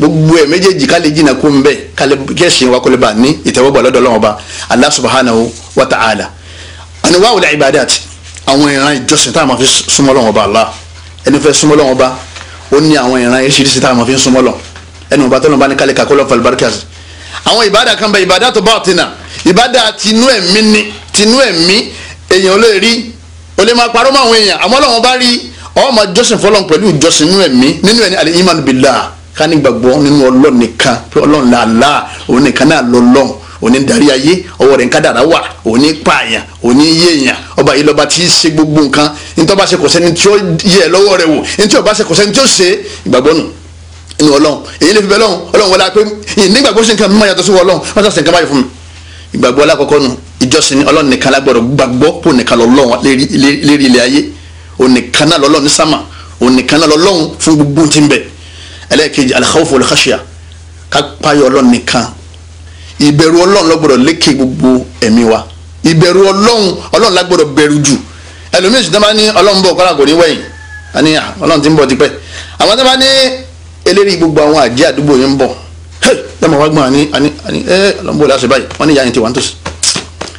S1: gbogbo ẹ̀ méjèèjì ká lè jìnnà kó ń bẹ̀ ká lè kí ẹ̀sìn wa kó lè bà ní ìtẹ́wọ́gbà lọ́dọ̀ Ọlọ́run Ọba Allah subhanahu wa ta'ala àni wàá wòlẹ̀ ibadat àwọn ìran ìjọsìn tá a máa fi súnmọ́ Ọlọ́run Ọba Allah ẹni fẹ́ súnmọ́ Ọlọ́run Ọba ó ní àwọn ìran eréṣiríṣi tá a máa fi súnmọ́ lọ ẹni wọn bá tọ́lọ́ bá ní kálí kakọ́lọ́ falbarkas àwọn ìbádà kan bẹ ìbádà tó bá ọ̀tí náà ìbádà tinú ẹ̀mí ni tinú ẹ̀mí èèyàn lè rí o lè máa parọ́ mọ́ àwọn èèyàn àmọ́ lọ́wọ́n bá rí ọmọ jọ́sìn fọlọ́n pẹ̀lú ìjọsìn nínú ẹ̀mí nínú ẹ̀ní àlẹ́ imanu billah ká ní gbàgbọ́ nínú ọlọ́run nìkan pé ọlọ́run làlá òun nìkan náà lọ́lọ́run òní darí ayé ọwọ́ rẹ̀ ń kádàrá wà òní pààyàn òní yéèyàn ọba yìí lọ́ba tí í ṣe gbogbo nǹkan nítorí bá ṣe kò sẹ́ni tí ó yẹ lọ́wọ́ rẹ̀ wò nítorí bá ṣe kò sẹ́ni tí ó ṣe ìgbàgbọ́ nù inú ọlọ́run èyí lè fi bẹ lọ́run ọlọ́run wọlé apẹ́ ìnígbàgbọ́ sí nǹkan mímọ́ yàtọ̀ sí wọ ọlọ́run wọ́n sàṣẹ̀ nǹkan báyìí fún mi ìgbàgbọ́ alákọ̀ọ́kọ́ nù ìjọsìn ọlọ́run nìkan lágbọ́dọ̀ gbàgbọ́ pò nìkan lọ́lọ́run lérí ilẹ̀ ayé onìkan náà lọ́lọ́run ní sámà onìkan náà lọ́lọ́run fún gbogbo tí ń bẹ ẹlẹ́ẹ̀kejì al-khawfu wal-khashya ká páyọ̀ ọlọ́run nìkan ìbẹ̀rù ọlọ́run lọ́gbọ́dọ̀ lékè gbogbo ẹ̀mí wa ìbẹ̀rù ọlọ́run ọlọ́run lágbọ́dọ̀ bẹ̀rù jù ẹlòmíì ṣùgbọ́n bá ní ọlọ́run bọ̀ kọ́lá kò ní wẹ̀yìn àní ọlọ́run ti ń bọ̀ tipẹ́ àwọn tó bá ní ọlọ́run bọ̀ láṣẹ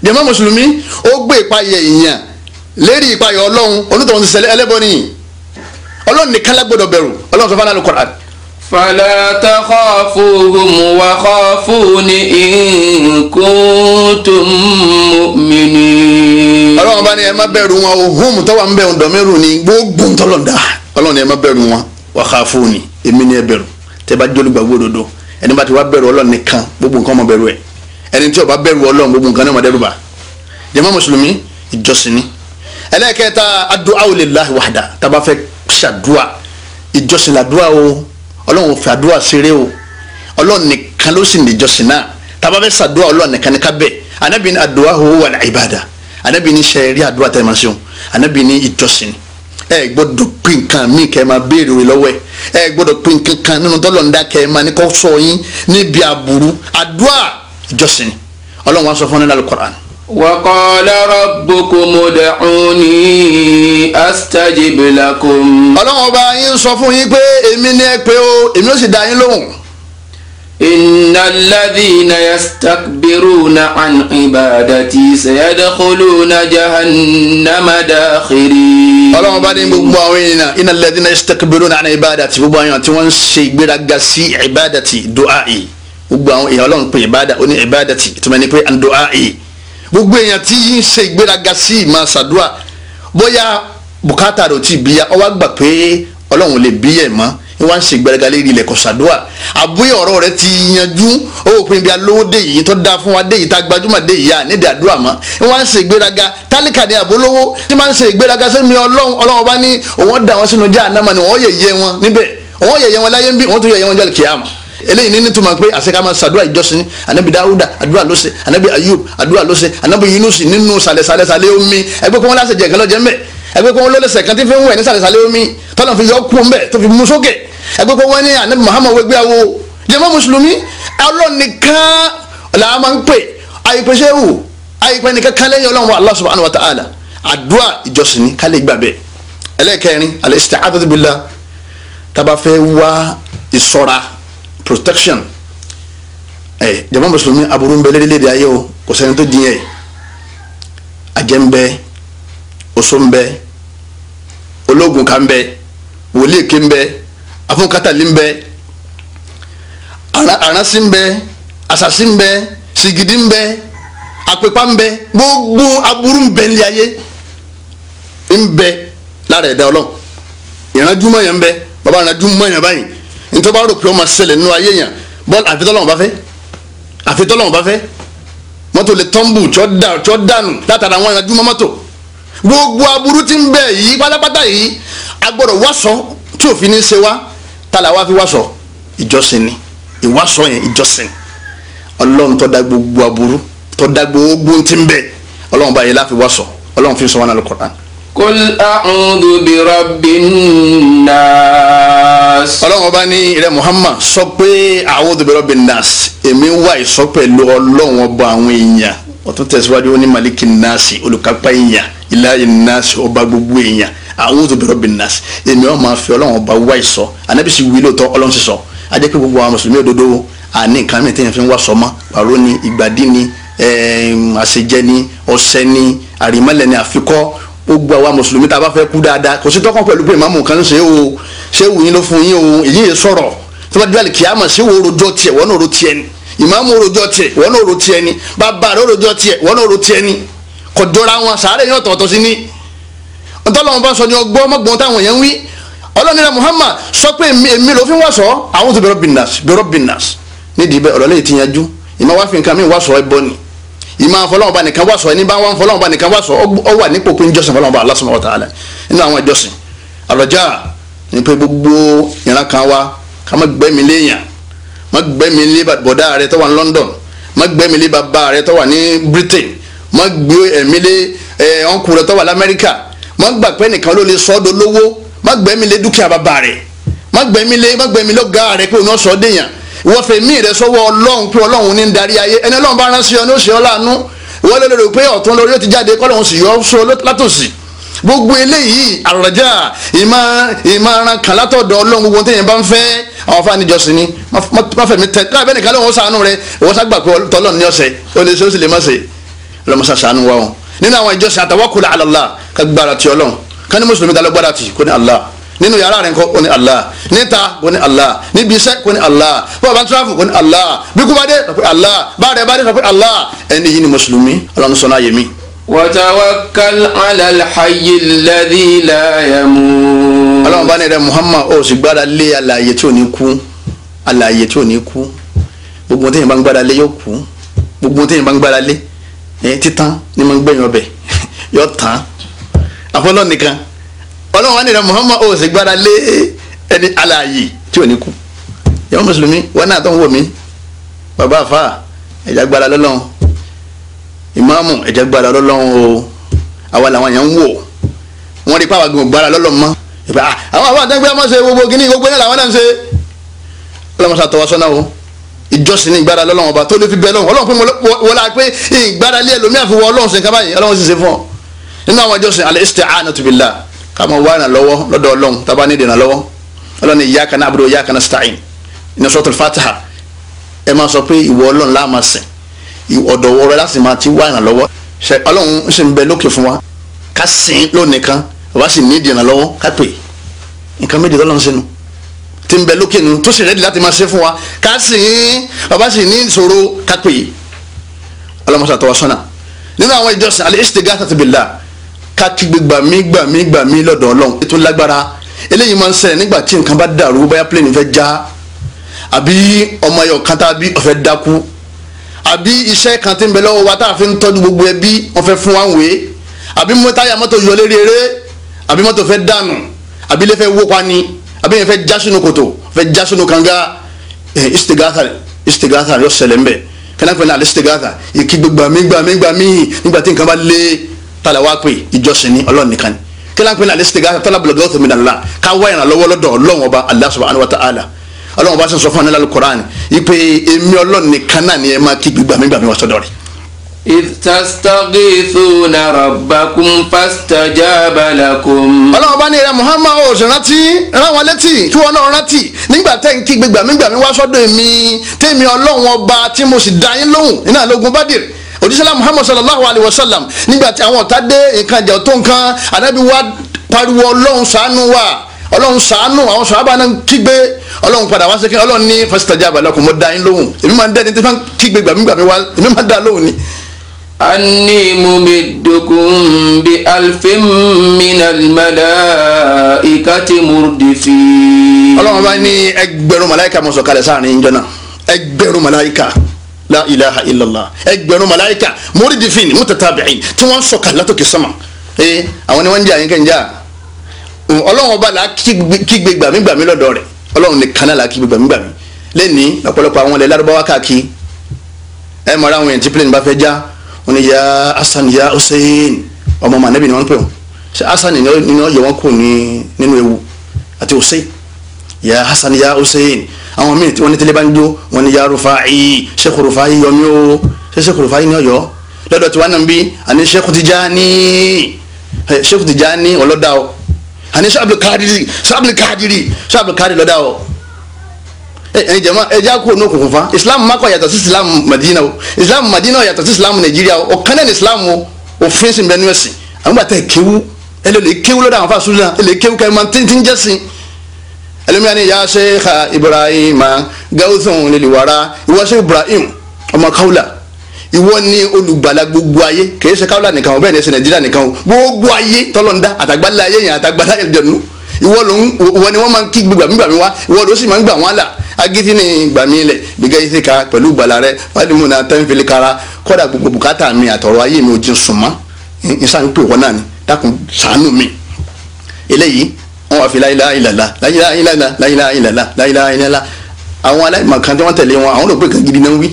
S1: jẹ̀mọ́ mùsùlùmí ó gbé ìpayà èèyàn lérí ìpayà ọlọ́run onítọ̀hún ti ṣẹlẹ̀ ẹlẹ́bọ nìyí ọlọ́run nìkan lágbọ́dọ̀
S2: bẹ̀rù ọlọ́run sọ fún aláàlú kọ́ra. fala takhafuhum wa khafuni in kuntum mu'minin.
S1: ọlọ́run bá ní ẹ má bẹ̀rù wọn o hum tó wà ń bẹ̀rù dọ̀mẹ́rù ni gbogbo ntọ́lọ́dà ọlọ́run ẹ má bẹ̀rù wọn wa khafuni èmi ni ẹ bẹ̀rù tẹ́ bá jólúgbàgbó dodo ẹni bá ti wá bẹ̀rù ọlọ́run nìkan gbogbo nǹkan ọmọ bẹ̀rù ẹ̀ ẹni tí ó bá bẹ̀rù Ọlọ́run gbogbo nǹkan náà máa dẹ́rù bà jàmá mùsùlùmí ìjọsìn ni ẹlẹ́kẹta adu'a lillahi wahda tá bá fẹ́ ṣàdúà ìjọsìn làdúà o Ọlọ́run ò fẹ́ àdúà ṣeré o Ọlọ́run nìkan ló sì ní ìjọsìn náà tá bá fẹ́ ṣàdúà Ọlọ́run nìkan ní ká bẹ̀ Ànábì ní adu'a huwa al-ibada Ànábì ní sẹ́ẹ̀rí àdúà tẹ́ máa ṣe o ní ìjọsìn ni ẹ gbọ́dọ̀ pé nǹkan míì kẹ́ máa béèrè rẹ lọ́wọ́ ẹ ẹ pé nǹkan kan nínú tọlọńdà kẹ́ máa ní kó sọ yín níbi àbúrú àdúrà ìjọsìn ọlọ́run wa sọ fún ọ nínú alukur'an.
S2: waqala rabbukum ud'uni astajib lakum. ọlọ́run ọba yín sọ fún yín pé èmi ni ẹ pé o èmi ó sì dá yín lóhùn. inna alladhina yastakbiruna an ibadati sayadkhuluna jahannama dakhirin. ọlọ́run ọba ní gbogbo àwọn ènìyàn inna alladhina yastakbiruna
S1: an ibadati gbogbo àwọn ènìyàn tí wọ́n ń ṣe ìgbéraga sí ibadati du'a yìí gbogbo àwọn èèyàn ọlọ́run pé ìbáda ó ní ìbáda tì ìtumọ̀ ni pé àǹdọ̀á èyí gbogbo èèyàn tí yìí ń ṣe ìgbéraga sí ìmọ̀ ṣàdúrà bóyá bùkátà rẹ̀ ò tí ì bíyà ọ wá gbà pé ọlọ́run lè bí ẹ̀ mọ́ ni wọ́n á ń ṣe ìgbéraga lérí ilẹ̀ kọ̀ ṣàdúrà àbúyẹ ọ̀rọ̀ rẹ ti yanjú owó pin bí alówó yìí tó dáa fún wa dé yìí tá gbajúmọ̀ dé yìí à nídìí àdúrà mọ́ ni wọ́n á ń ṣe ìgbéraga tálíkà ní àbólówó tí wọ́n á ń ṣe ìgbéraga sẹ́mi ọlọ́run ọlọ́run bá ní òun dà wọ́n sínú jẹ́ ànámọ́ ni wọ́n yẹ̀yẹ́ wọn níbẹ̀ wọ́n yẹ̀yẹ́ wọn láyé ń bí wọ́n tún yẹ̀yẹ́ wọn jẹ́ kíámà eléyìí ní nítumọ̀ pé àṣekà máa ṣàdúrà ìjọsìn anabi dawuda àdúrà ló ṣe anabi ayub àdúrà ló ṣe anabi yunus nínú sàlẹ̀sàlẹ̀sàlẹ̀ omi ẹgbẹ́ kó wọn láṣẹ jẹ kẹlọ́jẹ mbẹ ẹgbẹ́ kó wọn lọ́lẹ̀sẹ̀ kan tí fi ń wẹ̀ ní sàlẹ̀sàlẹ̀ omi tọ́lọ̀ fi yọ kú mbẹ tó fi mú sókè ẹgbẹ́ kó wọn ní anabi muhammad wẹgbẹ́ awo jẹmọ́ mùsùlùmí ọlọ́nìkan làá máa ń pè àyípẹ́ sẹ́wù àyípẹ́ nìkan ìṣọ́ra protection ẹ jama mùsùlùmí aburu ń bẹ lédèlédè ayé o kò sẹ́ni tó dín yẹ ajẹ́ ń bẹ oṣó ń bẹ ológun kan bẹ wòlíì ké ń bẹ afúnkátàlí aransi ń asasi ń sigidi ń bẹ apepa ń gbogbo aburu ń bẹ ń lé ayé ń bẹ lára ẹ̀dá ọlọ́run ìrànjú mọ̀yàn ń bẹ bàbá ìrànjú nítorí bá rò pé ó máa ṣẹlẹ̀ nínú ayé yẹn bọ́ọ̀lù àfitọ́lọ́wọ́n bá fẹ́ àfitọ́lọ́wọ́n bá fẹ́ mọ́tò lè tọ́ǹbù tí ó dànù látara wọn yanjú mọ́tò gbogbo aburú tí ń bẹ yìí pátápátá yìí agbọ́dọ̀ wàsọ tí òfin ní ṣe wá tala wá fi wàsọ ìjọsìn ni ìwàsọ yẹn ìjọsìn ọlọ́run tó dá gbogbo aburú tó gbogbo tí ń bẹ ọlọ́run báyìí láfi wàsọ ọlọ́run fi sọ wọn náà lọ́kọ̀ọ́
S2: kul a'udhu bi rabbin
S1: nas. ọlọ́run ọba ní ìrẹ́ muhammad sọ pé a'udhu bi rabbin nas èmi wà ìsọ pẹ̀lú ọlọ́run ọba àwọn èèyàn ọtún tẹ̀síwájú ó ní maliki nasi olùkápá èèyàn ilayi nasi ọba gbogbo èèyàn a'udhu bi rabbin nas èmi wọn máa fi ọlọ́run ọba wà ìsọ anabi sì wí lóòótọ́ ọlọ́run sì sọ ajẹ́ pé gbogbo àwọn mùsùlùmí òdodo àní nǹkan mìíràn téèyàn fi ń wá sọ mọ́ pàrọ́ ni ìgbàdí ni àṣejẹ ni ọ̀sẹ̀ ni àrímọ́lẹ̀ ni àfikọ́ gbogbo àwa mùsùlùmí tá a bá fẹ́ kú dáadáa kò sí tọ́kàn pẹ̀lú pé ìmáàmù kan ṣe o ṣé wù yín ló fún yín o èyí yẹn sọ̀rọ̀ tí wọ́n dúró kìámà ṣé wo rojọ́ tiẹ̀ wọ́n náà ro tiẹ̀ ni ìmáàmù rojọ́ tiẹ̀ wọ́n náà ro tiẹ̀ ni bàbá rẹ̀ rojọ́ tiẹ̀ wọ́n náà ro tiẹ̀ ni kò jọra wọn sàárẹ̀ yẹn ọ̀tọ̀ọ̀tọ̀ sí ni ọ̀tọ́lọ́wọ́n bá sọ ni ọgbọ́ Muhammad sọ pé èmi ló fi ń wàsọ àwọn tó bẹ̀rọ̀ bìnnàs bẹ̀rọ̀ bìnnàs nídìí bẹ́ẹ̀ ọ̀rọ̀ lẹ́yìn ìmọ̀ àfọlọ́wọ́n bá nìkan wá sọ ẹni bá wọn fọlọ́wọ́n bá nìkan wá sọ ọ wà nípò pé jọ́sìn fọlọ́wọ́n bá Allah subhanahu wa ta'ala nínú àwọn ìjọsìn àlọ́jà ni pé gbogbo ìran kan wá ká má gbẹ́mi léèyàn má gbẹ́mi lé bọ̀dá rẹ tó wà ní London má gbẹ́mi lé bàbá rẹ tó wà ní Britain má gbé ẹ̀mí lé ọ̀nkù rẹ tó wà l'Amẹ́ríkà má gbà pé nìkan ló lè sọ́dọ̀ lówó má gbẹ́mi lé dúkìá bàbá rẹ má gbẹ́mi lé má gbẹ́mi lọ́gàá rẹ pé òun náà sọ́ọ́ ìwọ fẹ̀mí rẹ sọ́wọ́ ọlọ́run pé ọlọ́run ní ń darí ayé ẹni ọlọ́run bá rán sí ọ ní ó ṣe ọ́ láàánú ìwọ lè rò pé ọ̀tún lórí ó ti jáde kọ́ lòun sì yọ sọ látòsí gbogbo eléyìí àròjà ìmọ̀ràn kan látọ̀dọ̀ ọlọ́run gbogbo téèyàn bá ń fẹ́ àwọn fanijọsìn ni má fẹ̀mí tẹ káà bẹ́ẹ̀ nìkan lóun ó ṣàánú rẹ ìwọ ságbà pé tọ́lọ́run ní ọ̀sẹ̀ ó lè ṣe ó sì lè má ṣe ọlọ́mọṣà ṣàánú wa wọn nínú àwọn ìjọsìn àtàwákùlà àlàlà ká gbára ti ọlọ́run ká ní mùsùlùmí dá lọ gbára ti kó ní Allah nínú yàrá rẹ̀ ńkọ́ kò ní Allah níta kò ní Allah níbi iṣẹ́ kò ní Allah bó bá tíráfù kò ní Allah bí kú bá dé sọ Allah bá rẹ̀ bá dé sọ Allah ẹni yìí ni mùsùlùmí ọlọ́run sọ náà yẹ mí. wàtàwákàl
S2: alàlàyé lẹ́dí láyàmú. ọlọ́run bá ní rẹ Muhammad ó
S1: sì gbára lé àlàyé tí ò ní kú àlàyé tí ò ní kú gbogbo tí yẹn bá ń gbára lé yóò kú gbogbo tí yẹn bá ń gbára lé ẹ títán ni mo ń ọlọ́run wa nira muhammad ó sì gbára lé ẹni alààyè tí ò ní kú ìyàwó mùsùlùmí wọn náà tó ń wò mí bàbá àfa ẹ̀já gbára lọ́lọ́run ìmáàmù ẹ̀já gbára lọ́lọ́run o àwa làwọn yẹn ń wò wọ́n rí pàwọn gbọ̀n gbára lọ́lọ́run mọ́ ìgbà àwọn àwọn àtẹ́gbẹ́ ọmọ ṣe gbogbo kínní gbogbo yẹn làwọn náà ń ṣe ọlọ́mọ sàtọwọ́ o ìjọsìn ní ìgbára lọ́lọ́run ọba tó lè fi bẹ lọ́hùn ọlọ́run pé wọlé àpé ìgbára lé ẹlòmíà fún wọn ọlọ́run ṣe nǹkan báyìí ọlọ́run sì ṣe fún ọ nínú àwọn ìjọsìn al-isti'anatu billah ká máa wá ìrànlọ́wọ́ lọ́dọ̀ ọlọ́run tá a bá ní ìrànlọ́wọ́ ọlọ́run ní iyyaka na'budu wa iyyaka nasta'in ní suratul Fatiha ẹ máa sọ pé ìwọ ọlọ́run la máa sìn ọ̀dọ̀ wọ rẹ láti máa ti wá ìrànlọ́wọ́ ọlọ́run sì ń bẹ lókè fún wa ká sìn lónìí kan bàbá sì ní ìrànlọ́wọ́ ká pè nǹkan méje tọ́lọ́run sínú ti ń bẹ nu tó sì rẹ́dí láti máa ṣe fún wa ká sìn bàbá sì ní ìṣòro ká pè ọlọ́run sàtọ́wọ́ sọ́nà nínú àwọn ìjọsìn al-istighatha billah ká kígbe gbàmí gbàmí gbàmí lọ́dọ̀ ọlọ́run ètò lágbára eléyìí máa ń ṣẹlẹ̀ nígbà tí nǹkan bá dàrú bóyá plane fẹ́ já àbí ọmọ ayọ̀ kan tá a bí ọ̀fẹ́ dákú àbí iṣẹ́ kan tí ń bẹ lọ́wọ́ wa tá a fi ń tọ́jú gbogbo ẹbí wọ́n fẹ́ fún wa ń wèé àbí táyà mọ́tò yọ lérí eré àbí mọ́tò fẹ́ dànù àbí ilé fẹ́ wó pa ni àbí yẹn fẹ́ já sínú kòtò fẹ́ já sínú kànga istigata istigata yọ ṣẹlẹ̀ ńbẹ kẹ́nà pẹ̀lú ìkí gbàmí gbàmí gbàmí nígbà tí nǹkan bá lé tala wá pé ìjọsìn ni ọlọ́run nìkan ni kíláà pé ní alẹ́ sítẹ́gà tala bọ̀lọ̀ dọ́tò mi nàlá ká wá ìrànlọ́wọ́ lọ́dọ̀ ọlọ́run ọba Allah subhanahu wa ta'ala ọlọ́run ọba sọ fún anílẹ̀ alukoran ipe èmi ọlọ́run nìkan náà ni ẹ máa kí gbígbà mi gbà mí wá sọ́dọ̀ rẹ̀.
S2: إذ ọlọ́run bá ní ẹ̀rẹ́ Muhammad ó rán wọn létí kí
S1: wọn náà rántí nígbà tẹ́ òjísàlá muhammad sallallahu alayhi wa sallam nígbà tí àwọn ọ̀tá dé nǹkan ìjà tó nǹkan ànábì wa pariwo ọlọ́run ṣàánú wa ọlọ́run ṣàánú àwọn sàábà náà kígbe ọlọ́run padà wá sẹ́kẹ́ ọlọ́run ní fastajaba lakum mo dá yín lóhùn èmi máa ń dẹ́ni tí wọ́n kígbe
S2: gbàmígbàmí wa èmi máa ń dá lóhùn ni anni mumiddukum bi alfin minal malaikati murdifin. ọlọ́run bá ní ẹgbẹ̀rún màláìka mọ̀sọ̀kalẹ̀ sáà ní ìjọ náà ẹgbẹ̀rún màláìka la
S1: ilaha illallah ẹgbẹ̀rún malaika muridifin mutatabi'in tí wọ́n sọ̀kà látòkè sọ́mà ee àwọn ni wọ́n ń jà yín kẹ́ńjà ọlọ́run ọba là á kígbe gbàmígbàmí lọ́dọ̀ rẹ̀ ọlọ́run nìkan náà là á kígbe gbàmígbàmí lẹ́ni lọ́pọ̀lọpọ̀ àwọn ilẹ̀ lárúbáwá káàkiri ẹ mọ̀ ara àwọn èèyàn tí plane bá fẹ́ já wọn ni ya hasan ya hussein ọmọ mànẹ́bí ni wọ́n ń pè wọ́n hasan ni wọ́n yẹ wọ́n kù nínú ewu àti hussein ya hasan ya hussein àwọn míì tí wọ́n ní tẹ́lẹ̀ bá ń jó wọ́n ní ya Rufai Sheikh Rufai yọmí o ṣé Sheikh Rufai ní ọ̀yọ́ lọ́dọ̀ tí wọ́n náà ń bí àní Sheikh Tijani Sheikh Tijani ọlọ́dà o àní Sheikh Abdul Kadiri Sheikh Abdul Kadiri Sheikh Abdul Kadiri lọ́dà o ní òkùnkùn Islam makọ̀ yàtọ̀ sí Islam Madina o Islam Madina yàtọ̀ sí Islam Nàìjíríà o ọ̀kan náà ní Islam o òfin sì ń bẹ nínú ẹ̀sìn àwọn gbàtà ìkéwú ẹ lè kéwú lọ́dọ̀ àwọn fáṣúlẹ̀ ẹ lè kéwú kẹ́ ẹ máa ti ń jẹ́sìn ẹlẹ́mìí àni ya sheikh ibrahim gawson liliwara ìwọ sheikh ibrahim ọmọ kaula ìwọ ni olùgbàlà gbogbo ayé kìí ṣe kaula nìkan o bẹ́ẹ̀ ni ṣe nàìjíríà nìkan o gbogbo ayé tọ́lọ́ndá àtàgbálá ayé yẹn àtàgbálá ìjọ̀nù ìwọ ló ń ìwọ ni wọ́n máa ń kí gbàmí gbàmí wá ìwọ ló sì máa ń gbà wọ́n là agídí ni gbàmí ilẹ̀ gbígbẹ́ yìí síka pẹ̀lú gbàlà rẹ wàlúùmù náà tẹ́ kara kọ́dà gbogbo bùkátà mi àtọ̀rọ̀ ayé mi ò jin sùn mọ́ ìsàn pé ìwọ náà ni dákun ṣàánú mi eléyìí wọ́n wá fi láyìlá ìlàlá láyìlá ìlàlá láyìlá ìlàlá láyìlá ìlàlá àwọn aláìmọ̀kan tí wọ́n tẹ̀lé wọn àwọn rò pé kan gidi náà ń wí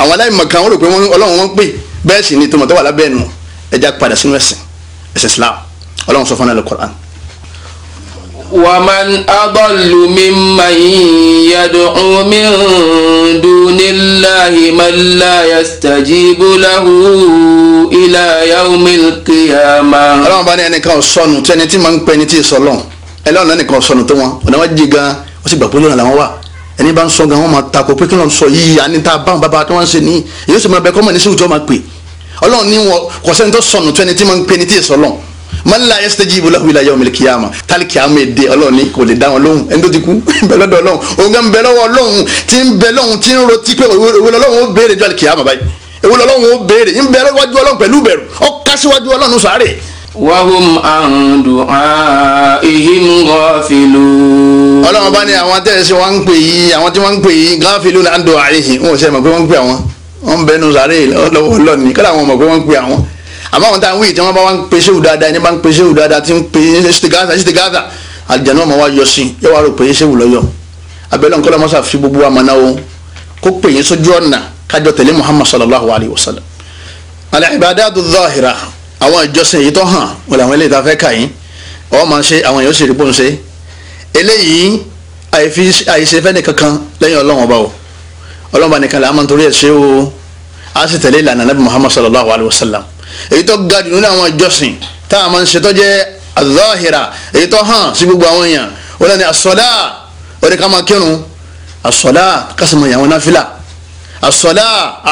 S1: àwọn aláìmọ̀kan wọ́n rò ọlọ́run wọn pè bẹ́ẹ̀ sì ni tọmọtọ́ wà lábẹ́ ẹja padà sínú ẹ̀sìn ẹ̀sìn Islam ọlọ́run sọ fún ẹ lọ́kọ̀ọ́rán
S2: ومن أضل ممن يدعو من دون الله من لا يستجيب له إلى يوم القيامة. ọlọ́run bá ní ẹnìkan sọnù tí ẹni tí máa ń pẹ́ ẹni tí sọ lọ́n ẹlọ́run ẹnìkan sọnù tó wọn
S1: ọ̀nà wọn jí gan ó sì gbà pé làwọn wà ẹni bá ń sọ gan wọn máa takò pé kí lọ́n sọ yìí àní tá a bá wọn bàbá tí wọ́n ń ṣe nìyí èyí ó sì máa bẹ kọ́mọ̀ ní sí ìjọ máa pè ọlọ́run ní wọn kò tó sọnù tó ẹni tí máa ń pẹ́ ẹni tí sọ lọ́n man la yastajibu lahu ila yawmil qiyamah tali kiyama ede ọlọ́run kò lè dá wọn lóhùn ẹni tó ti kú bẹ lọ́dọ̀ ọlọ́run òun ti ń bẹ ti ń rotí pé òwe lọ́lọ́run ó béèrè jọ́ kiyama báyìí òwe lọ́lọ́run ó béèrè ń wájú ọlọ́run pẹ̀lú bẹ̀rù ó kásíwájú ọlọ́run sáré.
S2: wahum an du'aihim gafilu. ọlọ́run bá ní
S1: àwọn tẹ́ ṣe wọ́n ń pè yí àwọn tí wọ́n ń pè yí ghafilun an du'aihim wọn ò sẹ́ mọ̀ pé wọ́n ń pè àwọn wọ́n ń bẹnu àmọ́ àwọn tá à ń wí tí wọ́n bá wá ń pe ṣéwù dáadáa ẹni bá ń pe ṣéwù dáadáa ti ń pe ṣètì gáàsà ṣètì gáàsà àlìjáná ọmọ wa yọ sí i yóò wá rò pé ṣéwù lọ́yọ̀ abẹ́lẹ́ nǹkan lọ́mọ́sá fi gbogbo wa mọ̀nà o kó pè yín sójú ọ̀nà kájọ tẹ̀lé Muhammad sallallahu alayhi wa sallam al-ibadatu adh-dhahira àwọn ìjọsìn èyí tó hàn wọlé àwọn eléyìí tá a fẹ́ kà yín ọ máa ṣe àwọn èèyàn ó sì rí bóun ṣe eléyìí àìfi àìṣe fẹ́ nìkankan lẹ́yìn ọlọ́run ọba o Muhammad sallallahu alayhi wa èyí tó ga jù nínú àwọn ìjọsìn tá a máa ń ṣe tó jẹ́ azahira èyí tó hàn sí gbogbo àwọn èèyàn wọ́n lẹ́ni asọ́lá ó ní ká máa kírun asọ́lá kásìmọ̀ ìyàwó náfìlà asọ́lá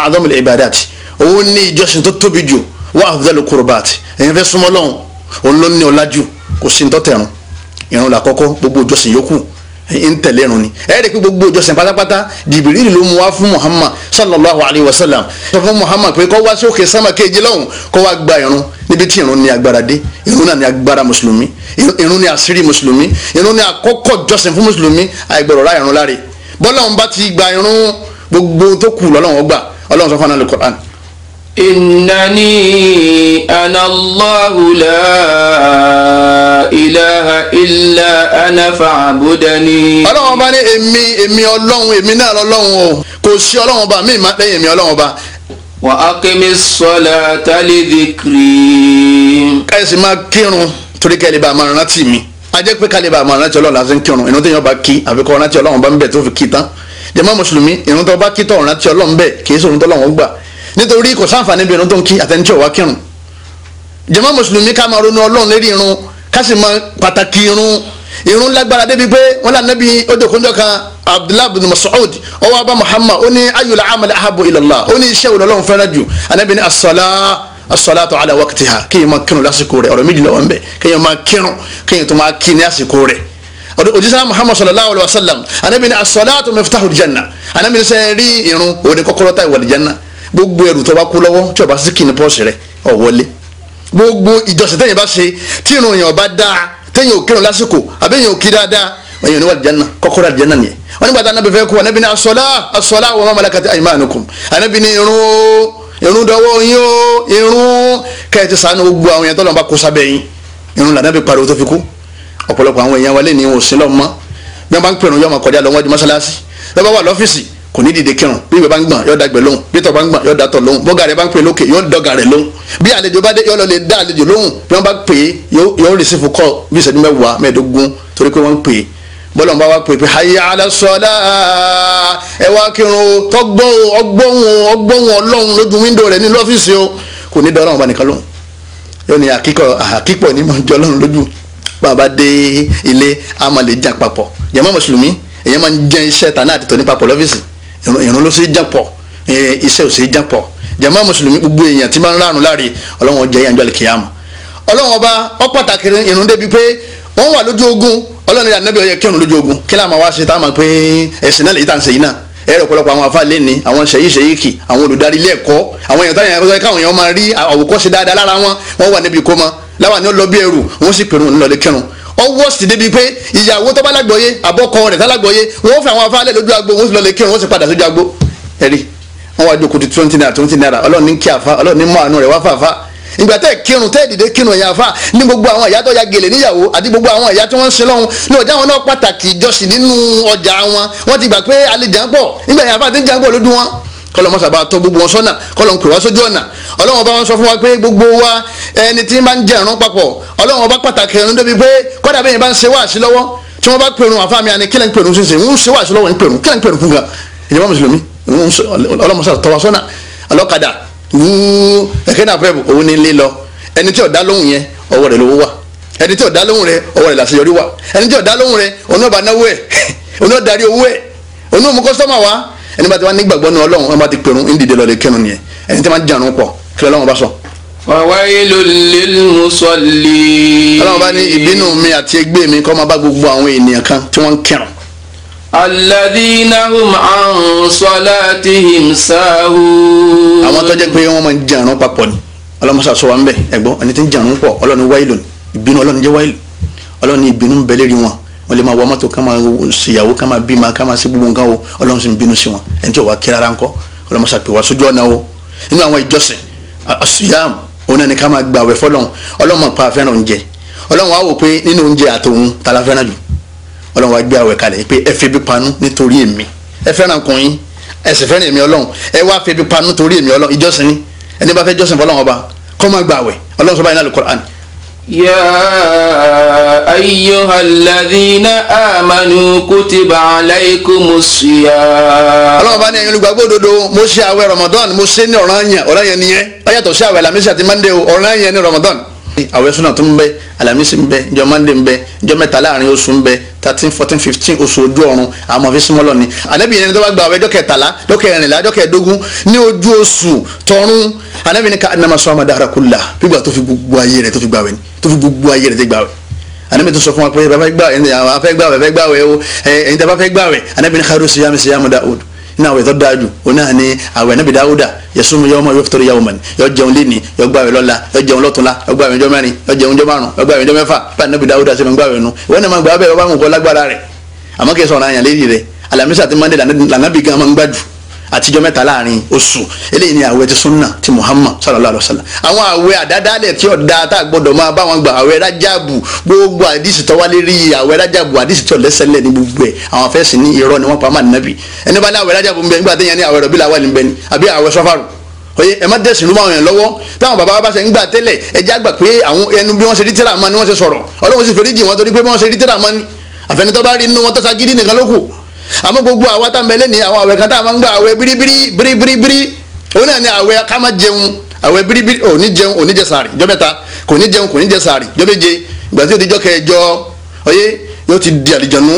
S1: àdọ́mù ìbàdàtì òun ní ìjọsìn tó tóbi jù wà àfùdálù kùrùbàtì èyàn fẹ́ súnmọ́ lọ́hùn òun ló ní ọlájú kò sí ní tọ́tẹ̀rùn ìrun làkọ́kọ́ gbogbo ìjọsìn yòókù ń tẹ̀lé irun ni ẹ rí i pé gbogbo ìjọsìn pátápátá jìbìrìlì ló mú wá fún muhammad sallallahu alayhi wa sallam sọ fún muhammad pé kó wá sókè sámà kejì lọ́hùn kó wá gba irun níbi tí irun ní agbára dé irun náà ní agbára mùsùlùmí irun ní àṣírí mùsùlùmí irun ní àkọ́kọ́ ìjọsìn fún mùsùlùmí àìgbọ̀rọ̀ rá irun láre bọ́lá òun bá ti gba irun gbogbo tó kù lọ́lọ́run
S2: ọgbà ọlọ́run sọ fún anáàlú Qur'an إنني أنا الله لا إله إلا أنا فاعبدني. ọlọ́run
S1: ọba ní èmi èmi ọlọ́run èmi náà lọ́lọ́run o kò sí ọlọ́run ọba mi máa lẹ́yìn èmi ọlọ́run ọba.
S2: wà á kí mi sọlá tálí dìkìrì.
S1: káyọ̀sí máa kírun torí kẹ́lẹ́ bá a máa rántí mi a jẹ́ pé kálí bá a máa rántí ọlọ́run láti ń kírun ìrántí yẹn ọba kí àfikún rántí ọlọ́run ọba ń bẹ̀ tó fi kí tán jàmá mùsùlùmí ìrántí ọba kí tọ̀ rántí ọlọ́run bẹ̀ kì í sọ̀rọ̀ tọ́lọ́run gbà nítorí kò sáǹfààní bẹ̀rù tó ń kí àtẹnití ọ̀wá kírun jàmá mùsùlùmí ká máa ronú ọlọ́run lérí irun ká sì máa pàtàkì irun irun lágbára débi pé wọn là nábì odòkúnjọ kan abdullahi bin masoud ọwọ abba muhammad ó ní ayul amal ahabu ilallah ó ní iṣẹ́ olólùwọ́n fẹ́ràn jù anabi ní asọ́lá asọ́látọ̀ ala waqtiha kéèyàn máa kírun lásìkò rẹ̀ ọ̀rọ̀ méjì lọ́wọ́ ń bẹ̀ kéèyàn máa kírun kéèyàn tó máa kí ní àsìkò rẹ̀ òjísà muhammad sallallahu alayhi wa sallam anabi ní asọ́látọ̀ miftahu janna anabi ní sẹ́yìn rí irun òní kọ́kọ́rọ́ tá ìwà janna gbogbo ẹrù tó bá kú lọ́wọ́ tí o bá pọ́ọ̀sì rẹ ó gbogbo ìjọsìn tẹ̀yìn bá ṣe tí irun èèyàn bá dáa tẹ̀yìn òkèrò lásìkò àbẹ̀yìn òkè dáadáa èèyàn ní wà kọ́kọ́rọ́ àlìjánná nìyẹn wọn nígbà tá anábì fẹ́ kú anábì ní asọ́lá asọ́lá wa ma malakat aymanukum anábì ní irun o irun dọwọ́ yín o irun kẹ́ẹ̀ ti gbogbo àwọn èèyàn tó lọ́n bá kó sábẹ́ yín irun làdábì pariwo tó fi kú ọ̀pọ̀lọpọ̀ àwọn èèyàn wa lé ní òsínlọ́mọ́ bí wọ́n bá ń pèrún yọmọ kò ní dìde kírun bí ìwé bá ń gbọ̀n yóò dàgbẹ̀ lóhùn bí ìtọ̀ bá ń gbọ̀n yóò dàtọ̀ lóhùn bọ́gà rẹ̀ bá ń pè lókè yóò dọ̀gà rẹ̀ lóhùn bí àlejò bá dé yóò lọ lè dá àlejò lóhùn bí wọ́n bá pè é yóò rìsífù kọ́ bí ìṣẹ́jú mẹ́wàá mẹ́ẹ̀ẹ́dógún torí pé wọ́n ń pè é bọ́lá ń bá wá pè é pé hayya ala sọ́lá ẹ wá kírun o tọ́gbọ́n ọgbọ́n ọgbọ́n ọlọ́run lójú wíńdò rẹ̀ nínú ọ́fíìsì o kò ní dọ́rọ̀ ọba nìkan lóhùn ilé a máa lè jà papọ̀ yẹn mọ́ mùsùlùmí èyàn máa ń ìrun ló ṣe jápọ̀ iṣẹ́ ò ṣe jápọ̀ jàmá mùsùlùmí gbogbo èèyàn tí máa ń ránù láre ọlọ́wọ́n jẹ́ yànjọ́ àlùkìyàmù ọlọ́wọ́n ọba ọ pàtàkì ìrun débi pé wọ́n wà lójú ogun ọlọ́run ìyá nẹ́bí ọyẹ kírun lójú ogun kí láàmú àwa ṣe táwọn pé ẹ̀sìn náà lè yí tà ń ṣe yìí náà ẹ̀rọ ọ̀pọ̀lọpọ̀ àwọn afá lẹ́ni àwọn ṣèyí ṣèyí àwọn olùdarí ilé ẹ̀kọ́ àwọn èèyàn táyà ẹ̀kọ́ káwọn èèyàn máa rí àwòkọ́ṣe dáadáa lára wọn wọ́n wà níbi ìkómọ láwọn ni ó lọ bí ẹrù wọ́n sì pèrún ńlọlẹ́ ọwọ́ sì débi pé ìyàwó tó bá lágbọ̀ọ́yé àbọ̀kọ rẹ̀ tálágbọ̀ọ́yé wọ́n fẹ́ àwọn afárálẹ̀ lójú agbo wọ́n sì lọlé kírun wọ́n sì padà sójú agbo ẹ̀rí wọ́n wá jókòó ti twenty naira twenty naira ọlọ́run ní kí àfa ọlọ́run ní mọ àánú rẹ̀ wá fàáfà ìgbà tẹ́ kírun tẹ́ dìde kírun ẹ̀yà àfa ní gbogbo àwọn ìyá tó ya gèlè níyàwó àti gbogbo àwọn ìyá tí wọ́n ń ṣe lọ́hùn ní ọjà wọn náà pàtàkì ìjọsìn nínú ọjà wọn wọ́n ti gbà pé alẹ́ jàǹbọ̀ nígbà ìyá àfa ti ń jàǹbọ̀ lójú wọn kọlọ mọ sábà tọ́ gbogbo wọn sọ́nà kọlọ ń pè wá sójú ọ̀nà ọlọ́wọ́n bá wọn sọ fún wa pé gbogbo wa ẹni tí máa ń jẹ ìrun papọ̀ ọlọ́wọ́n bá pàtàkì ìrun débi pé kọ́dà bẹ́ẹ̀ bá ń ṣe wáàsí lọ́wọ́ tí wọ́n bá pèrun àfa mi àni kílẹ̀ ń pèrun sísè ń ṣe wáàsí lọ́wọ́ ń pèrun kílẹ̀ ń pèrun fún gan ìjọba mùsùlùmí ọlọ́mọṣà tọ́ wa sọ́nà ọlọ́kadà ẹ̀kẹ́ náà fẹ́ẹ́ òun ní lé lọ ẹni tí ọ̀dá lóhùn yẹn ọwọ́ rẹ̀ lówó ẹni bá ti wá nígbàgbọ́ ní ọlọ́run ẹni bá ti pèrún ń dìde lọ́ọ́ lè kírun nìyẹn ẹni tí wọ́n ti jàrún pọ̀ kí ọlọ́run bá sọ.
S2: fawailul lil
S1: musallin. ọlọ́run bá ní ìbínú mi àti ègbé mi kó máa bá gbogbo àwọn ènìyàn kan tí wọ́n ń
S2: kírun. alladhina hum an salatihim sahun. àwọn tó jẹ́ pé wọ́n máa ń jàrún papọ̀ ni ọlọ́mọṣà ń bẹ̀
S1: ẹ̀gbọ́n wọ́n lè máa wọ mọ́tò kán máa ṣèyàwó kán máa bímọ kán máa ṣe gbogbo nǹkan o ọlọ́run sì ń bínú sí wọn ẹni tí ò wá kíra ara ńkọ́ ọlọ́run sàpè wá sójú ọ̀nà o nínú àwọn ìjọsìn asiyam òun náà ni ká máa gbà wẹ̀ fọlọ́run ọlọ́run máa pa fẹ́ràn oúnjẹ ọlọ́run wá wò pé nínú oúnjẹ àtòun ta la fẹ́ràn jù ọlọ́run wá gbé àwẹ̀ kalẹ̀ pé ẹ fi bí panu nítorí èmi ẹ fẹ́ràn kùnrin ẹ sì fẹ́ràn èmi ọlọ́run ẹ wá fi quran
S2: يا أيها الذين آمنوا كتب عليكم الصيام. ọlọ́run bá ní ẹ̀yin olùgbàgbọ́ òdodo mo ṣe àwẹ̀
S1: Ramadan mo ṣe ní ọ̀ranyàn ọ̀ranyàn nìyẹn ó yàtọ̀ sí àwẹ̀ Àlàmísì àti Monday ọ̀ranyàn ní Ramadan àwẹ̀ súnà tó ń bẹ alamisi ń bẹ njọ mande ń bẹ njọ mẹ́ta láàrin oṣù ń bẹ thirteen fourteen fifteen oṣù ojú ọ̀run àmọ́ fi súnmọ́ lọ́ni anabi yẹn ni tó bá gba àwẹ̀ jọ́ kẹtàlá jọ́ kẹrìnlá jọ́ kẹẹ̀dógún ní ojú oṣù tọ̀run anabi ni ká anamọ sọ ọmọdé arakunla gbígbà tó fi gbogbo ayé rẹ̀ tó fi gbàwẹ̀ ni tó fi gbogbo ayé rẹ̀ tó gbàwẹ̀ anabi tó sọ fún wa pé bàbá fẹ́ gbàwẹ̀ ẹ̀yin tẹ́ bá fẹ́ gbàwẹ̀ anabi ni kharu ní àwẹ̀ tó dáa jù òun náà ni àwẹ̀ Ànábì Dáúdà yasumu yawma yuftiru yawman yó jẹun léni yó gbààwẹ̀ lọ́la yó jẹun lọ́tùnla yó gbààwẹ̀ ọjọ́ mẹ́rin yó jẹun ọjọ́ márùn yó gbààwẹ̀ ọjọ́ mẹ́fà bá Ànábì Dáúdà ṣe máa ń gbààwẹ̀ nu ìwọ náà máa gbà bẹ́ẹ̀ bá wọn kọ́ lágbára rẹ̀ àmọ́ kí ẹ sọ̀rọ̀ àyàn léyìí àtijọ́ mẹ́ta láàrin oṣù eléyìí ni àwẹ̀ ti sunna ti Muhammad sallallahu alayhi wa sallam àwọn àwẹ̀ àdádálẹ̀ tí ọ̀dà tá a gbọ́dọ̀ máa bá wọn gbà àwẹ̀ rájàbù gbogbo àdìsí tó wá lérí àwẹ̀ rájàbù àdìsí tó lẹ́sẹ̀lẹ̀ ní gbogbo ẹ̀ àwọn afẹ́sìn ní irọ́ ni wọ́n pa máa nàbì ẹni bá ní àwẹ̀ rájàbù ń bẹ nígbà téèyàn ní àwẹ̀ rọ̀bí làwà ní bẹ ni àbí àwẹ̀ sọ́fàrù oye ẹ má dẹ̀sìn ló máa yàn lọ́wọ́ táwọn bàbá bá ṣe ń gbà tẹ́lẹ̀ ẹ já gbà pé àwọn ẹnu bí wọ́n ṣe rí tẹ́lẹ̀ àmọ́ ni wọ́n ṣe sọ̀rọ̀ ọlọ́run sì fẹ́rí jì wọ́n torí pé bí wọ́n ṣe rí tẹ́lẹ̀ àmọ́ ni àfẹnitọ́ bá rí inú wọn tọ́sagídí nìkan ló àmọ́ gbogbo àwa tá mẹ́lẹ́ ní àwọn àwẹ̀ kan tá a máa ń gbà àwẹ̀ biribiri biribiri òun náà ni àwẹ̀ ká má jẹun àwẹ̀ biribiri ò ní jẹun ò ní jẹ sààrì jọ mẹ́ta kò ní jẹun kò ní jẹ sààrì jọ méje ìgbà tí o ti jọ kẹjọ ọyẹ yóò ti di àlìjọ̀nú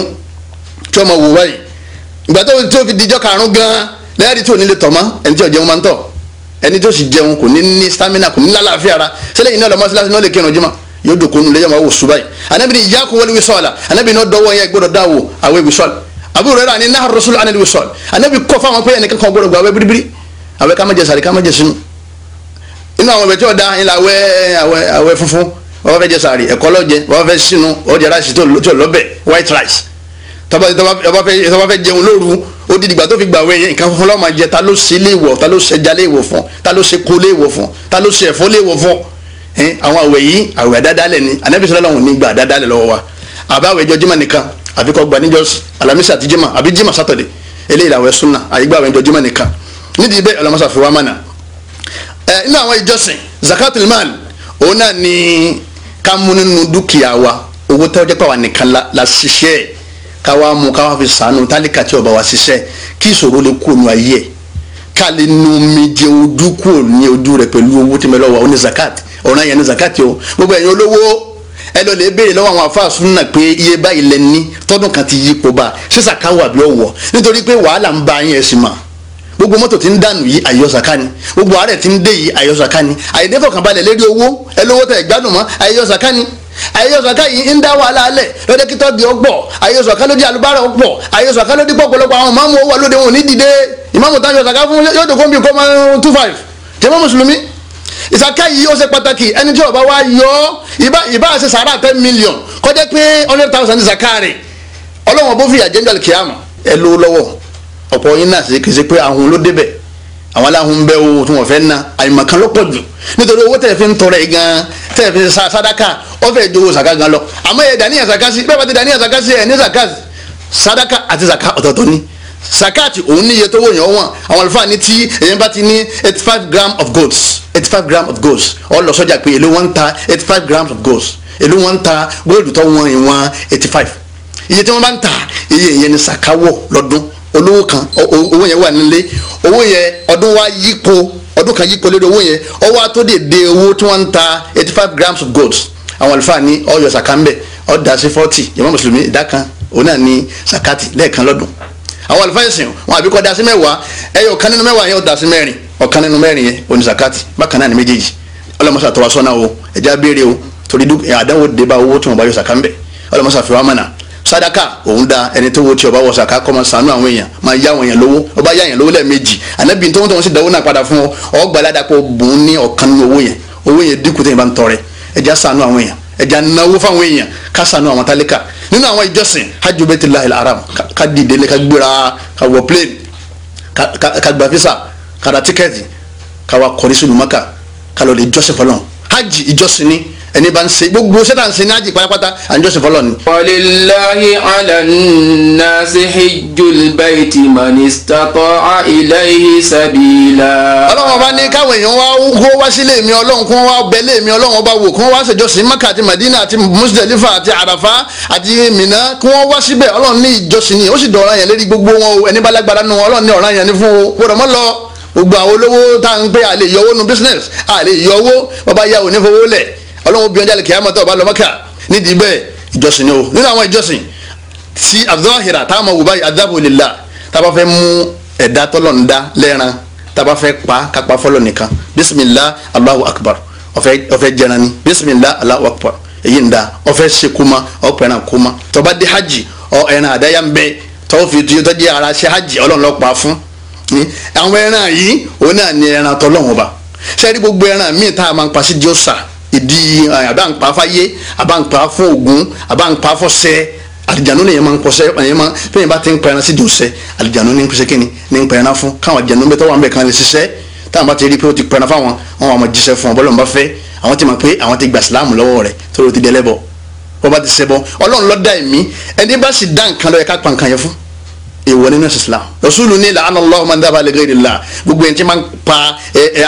S1: tí wọ́n máa wò wáyìí ìgbà tó fi dijọ́ karùn gan-an tí ò ní lè tọ̀ mọ́ ẹni tí ò jẹun máa ń tọ̀ ẹni tó sì jẹun kò ní ní stamina kò ní lálàáfíà ra, sẹ́lẹ̀ yìí náà lọ́mọ síláṣí náà lè kírun jùmọ̀ yóò dòkó nulẹ̀ yọ̀ máa wò sùbáyì anábìrin ìyá kò wọlé wisọ́ọ̀là anábìrin náà dọ́wọ́ yẹn gbọ́dọ̀ dáwò àwọn ìwisọ́ọ̀là Abu Hurairah ni náà rasul anil wisol anabi kọ fáwọn pé ẹnìkan kan gbọ́dọ̀ gba àwẹ̀ biribiri àwẹ̀ ká má jẹ sàrí ká má jẹ sínú inú àwọn ọbẹ̀ tí ọ̀dà ńlá àwẹ̀ àwẹ̀ àwẹ̀ funfun wọ́n fẹ́ jẹ sàrí ẹ̀kọ́ lọ́jẹ wọ́n fẹ́ sínú ọjà rice tí ò lọ́bẹ̀ white rice tọ́ba fẹ́ jẹun lóru ó di dìgbà tó fi gbà wẹ̀ yẹn nǹkan fúnfún lọ́ọ́ máa jẹ ta ló ṣe lé wọ̀ ta ló ṣe ẹja lé wọ̀ fún ta ló ṣe kó lé wọ̀ fún ta ló ṣe ẹ̀fọ́ lé wọ̀ fún àwọn àwẹ̀ yìí àwẹ̀ àdádálẹ̀ ni ànábì sallallahu ní gba àdádálẹ̀ lọ́wọ́ wa àbáwẹ̀ jọjúmọ́ nìkan àfi kọ́ gbà níjọ́ alamisa àti jimá àbí jimá sátọ̀dé eléyìí làwọn sunna àyígbà àwọn ìjọ jimá nìkan nídìí bẹ́ẹ̀ ọlọ́mọsá fi wá mọ̀nà. ẹ inú àwọn ìjọsìn zakatul mal òun náà ni ká mú nínú dúkìá wa owó tẹ́wọ́ jẹ́pẹ́ wa nìkan la ṣiṣẹ́ ká wá mú ká wá fi sànù tálíkà tí ọba wa ṣiṣẹ́ kí ìṣòro lè kú ònú ayé ẹ̀ ká lè nu omijé ojú kúrò ní ojú rẹ̀ pẹ̀lú owó tí mẹ́lọ́wọ́ oní zakat ọ̀ràn yẹn zakat yìí o gbogbo ẹ lọ lè béèrè lọ́wọ́ àwọn àfáà súnà pé iye báyìí lẹ ní tọ́dún kan ti yípo bá ṣé sàká wà bí ọ̀wọ̀ nítorí pé wàhálà ń ba yín ẹ̀sìn mà gbogbo mọ́tò ti ń dànù yìí àyọ̀sàká ni gbogbo àárẹ̀ ti ń dé yìí àyọ̀sàká ni àyẹ̀dẹ́fọ̀kànbalẹ̀ lérí owó ẹ lówó tẹ̀ gbádùn mọ́ àyọ̀sàká ni àyẹ̀sọ̀ká yìí ń dá wàhálà alẹ̀ lọ́dẹ́ kí tọ́jú ọgbọ̀ àyẹ̀sọ̀ká ló di àlùbárà ọgbọ̀ àyẹ̀sọ̀ká ló di pọ̀pọ̀lọpọ̀ àwọn ìmáàmù owó alóde wọn ò ní dìde ìmáàmù táwọn àyẹ̀sọ̀ká fún yóò dókòó bíi kọ́mọ two five jẹ́mọ́ mùsùlùmí ìsàká yìí ó ṣe pàtàkì ẹni tí ó bá wá yọ ìbá ìbá ṣe sàrà ten million kọjá pé hundred thousand ìsàká rẹ̀ ọlọ́wọ́n bó fi àjẹ́ńdà kìámà ẹ ló lọ́wọ́ ọ̀pọ̀ yín náà ṣe kì í ṣe pé àwọn ló débẹ̀ àwọn aláhùn bẹ́ẹ̀ wo tí wọ́n fẹ́ na àyùmọ̀ kan ló pọ̀ jù nítorí owó tẹ̀ fi ń tọrẹ gan tẹ̀ fi sadaka ọ̀fẹ́ ìdòwò sàká gan lọ àmọ́ ẹ̀ dàníyàn sàká sí bẹ́ẹ̀ bá ti dàníyàn sàká sí ẹ̀ ní sàká sàdákà àti sàká ọ̀tọ̀ọ̀tọ̀ ni sakati òun níye tó wòyàn wọn àwọn àlùfáà ní tí èyàn bá ti ní eighty five grams of gold eighty five grams of gold ó lọ sọ́jà pé èló wọ́n ń ta eighty five grams of gold èló wọ́n ń ta góòlù tó wọn ìwọ̀n eighty five iye tí wọ́n bá ń ta iye ìyẹn ni sàkáwọ̀ lọ́dún olówó kan owó yẹn wà nílé owó yẹn ọdún wa yípo ọdún kan yípo lórí owó yẹn ọwọ́ de owó tí wọ́n ń ta eighty five grams of gold àwọn àlùfáà ní ọyọ sàkà ń bẹ̀ ọ̀dà sí forty ìmọ̀ mùsùlùmí ìdá kan òun náà ní sàkátì lẹ́ẹ̀kan lọ́dún àwọn àlùfáà ìsìn wọn àbíkọ́ da sí mẹ́wàá ẹyọ ọ̀kan nínú mẹ́wàá yẹn ó da sí mẹ́rin ọ̀kan nínú mẹ́rin yẹn ó ní zakati bákan náà ní méjèèjì ọlọ́mọṣà tọwa sọ́nà o ẹ̀já béèrè o torí àdánwò dé bá owó tí wọn bá yọ sàkà ń bẹ̀ ọlọ́mọṣà fi wá mọ̀nà sadaka òun da ẹni tó wo tí ọba wọ sàkà kọ́ máa sànú àwọn èèyàn máa yá àwọn èèyàn lówó ọba yá èèyàn lówó lẹ́ẹ̀mejì ànábì tó ń tọ́ wọn sì dáwó náà padà fún ọ ọgbàládà pé bùn ní ọ̀kan nínú owó yẹn owó yẹn dínkù tẹ́yìn bá ń tọrẹ ẹja sànú àwọn èèyàn ẹja náwó fáwọn èèyàn ká sànú àwọn tálíkà nínú àwọn ìjọsìn hajj bẹ́tẹ̀ lahil haram ká dìde lé ká gbéra ká wọ plane ká gba visa ká ra tíkẹ́ẹ̀tì ká wa kọrí sínú maka ká lọ lè jọ́sìn fọlọ́n hajj ìjọsìn ni ẹni bá ń ṣe gbogbo sẹ́tà ń ṣe ní àjì pátápátá àjọṣe fọlọ́ ni. walillahi
S2: ala nnasi hijjul bayti man istata'a ilayhi sabila. ọlọ́run bá ní
S1: káwọn èèyàn wá kó wá sílé mi ọlọ́run kó wá bẹ mi ọlọ́run bá wò kó wá ṣèjọsìn maka àti madina àti musdalifa àti arafa àti mina kó wọ́n wá síbẹ̀ ọlọ́run ní ìjọsìn ni ó sì dọ̀ọ̀ràn yẹn lérí gbogbo wọn o ẹni bá lágbára nù ọlọ́run ní ọ̀ràn yẹn ní fún o gbọ́dọ̀ mọ́ lọ gbogbo àwọn olówó tá à ń pè àlè yọwó nu business àlè yọwó bàbá yà ò ní fowó lẹ̀ ọlọ́run obìnrin jáde kìá mọ́tò ọba lọ́mọ́kà nídìí bẹ́ẹ̀ ìjọsìn ni o nínú àwọn ìjọsìn tí azahira tá a mọ̀ wò báyìí adábò lè la tá a bá fẹ́ mú ẹ̀dá tọ́lọ́run dá lẹ́ran tá a bá fẹ́ pa kápá fọlọ́ nìkan bisimilah allahu akbar ọ̀fẹ́ jẹran ni bisimilah allahu akbar èyí ń da ọ̀fẹ́ ṣe kuma ọ̀pẹ̀ràn kuma tó bá dé hajj ọ ẹran àdáyà ń bẹ tọ́wọ́ fi tuyọ́ tọ́jú ara ṣe hajj ọlọ́run ló pa àwọn ẹran yìí òun náà ni ẹran tọ́lọ́run ọba ṣẹ́ẹ́rí gbogbo ẹran míì tá a máa pa sí diọ́sà ìdí eh, àbáǹpa fáyé àbáǹpa fún Ògún àbáǹpa fọ̀ṣẹ́ àlìjànú ni èèyàn máa ń pọ̀ṣẹ́ èèyàn máa fẹ́yìn bá ti ń pẹran sídìí ọ̀sẹ̀ àlìjànú ni ń pèsè kíni ni ń pẹran fún káwọn àlìjànú bẹ́ẹ̀ tó wà ń kan táwọn bá ti rí pé ó ti pẹran fáwọn wọn wà mọ̀ jíṣẹ́ fún ọ bọ́lọ̀ bá fẹ́ àwọn ti mọ̀ pé àwọn ti gbà síláàmù lọ́wọ́ rẹ̀ tó ló ti dẹ́lẹ́bọ̀ wọ́n bá ti ṣẹbọ Ọlọ́run ló dá ẹni bá sì dá nǹkan ló yẹ ká pa nǹkan yẹn fún èèwọ̀ nínú Islam rasulu ní làánà Allahu man dábàá lẹ́gẹ́rì la gbogbo ẹni tí máa ń pa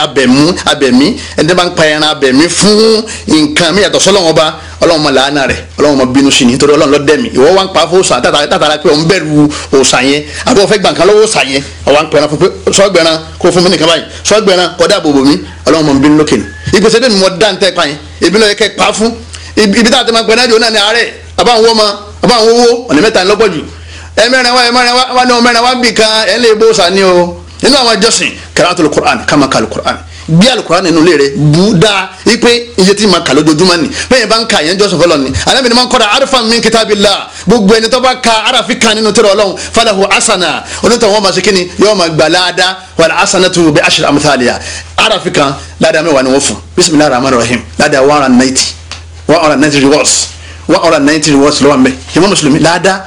S1: abẹ̀mú abẹ̀mí ẹni tí máa ń pa ẹran abẹ̀mí fún nǹkan mi yàtọ̀ sọ́lọ́wọ́n ba ọlọ́wọ́n ma làánà rẹ̀ ọlọ́wọ́n ma bínú sí ni nítorí ọlọ́run ló dẹ̀mí ìwọ wa ń pa fóòsàn tàtàrà pé òun bẹ̀rù òòsàn yẹn àbí òfẹ́ gbàǹkan lọ́wọ́ òòsàn yẹn ọwọ́ ń pẹran fún pé sọ́gbẹ̀ran kó fún mi nìkan báyìí sọ́gbẹ̀ran kọ́dà bòbò mi ọlọ́wọ́n ma bínú lókè ni ìgbésẹ̀ dẹ́nu mọ̀ dáńtẹ́ pa yẹn ebi lọ́yẹ kẹ́ pa fún ibi tá a ti ma pẹ́ náà jò náà ni àárẹ̀ àbáwọn wọ́ ma àbáwọn owó ọ̀nà mẹ́ta ni lọ́pọ̀ jù ẹ mẹ́rin wá ẹ mẹ́rin wá wá ní ọ mẹ́rin wá bì kan ẹ lè bó sani o nínú àwọn ìjọsìn kẹràtúlù Qur'an kàmá kàlù Qur'an bí alukura nínú ilé rẹ bu dáa wípé iye tí ma kà lójoojúmọ́ ni bẹ́ẹ̀ bá ń ka yẹn jọ́sìn fọlọ́ ni alábìnrin máa ń kọ́ra arafa min kitabillah gbogbo ẹni tó bá ka arafi kan nínú tẹ̀rẹ̀ ọlọ́run falahu asana onítọ̀ wọn ma ṣe kíni yóò ma gbà láada wàlá asana tó bẹ aṣọ amúthaliya arafi kan láda mẹ́wàá ni wọ́n fún bisimilahi rahman rahim láda one hundred ninety one hundred ninety rewards one hundred ninety rewards lọ́wọ́ mẹ́ ìmọ̀ mùsùlùmí láda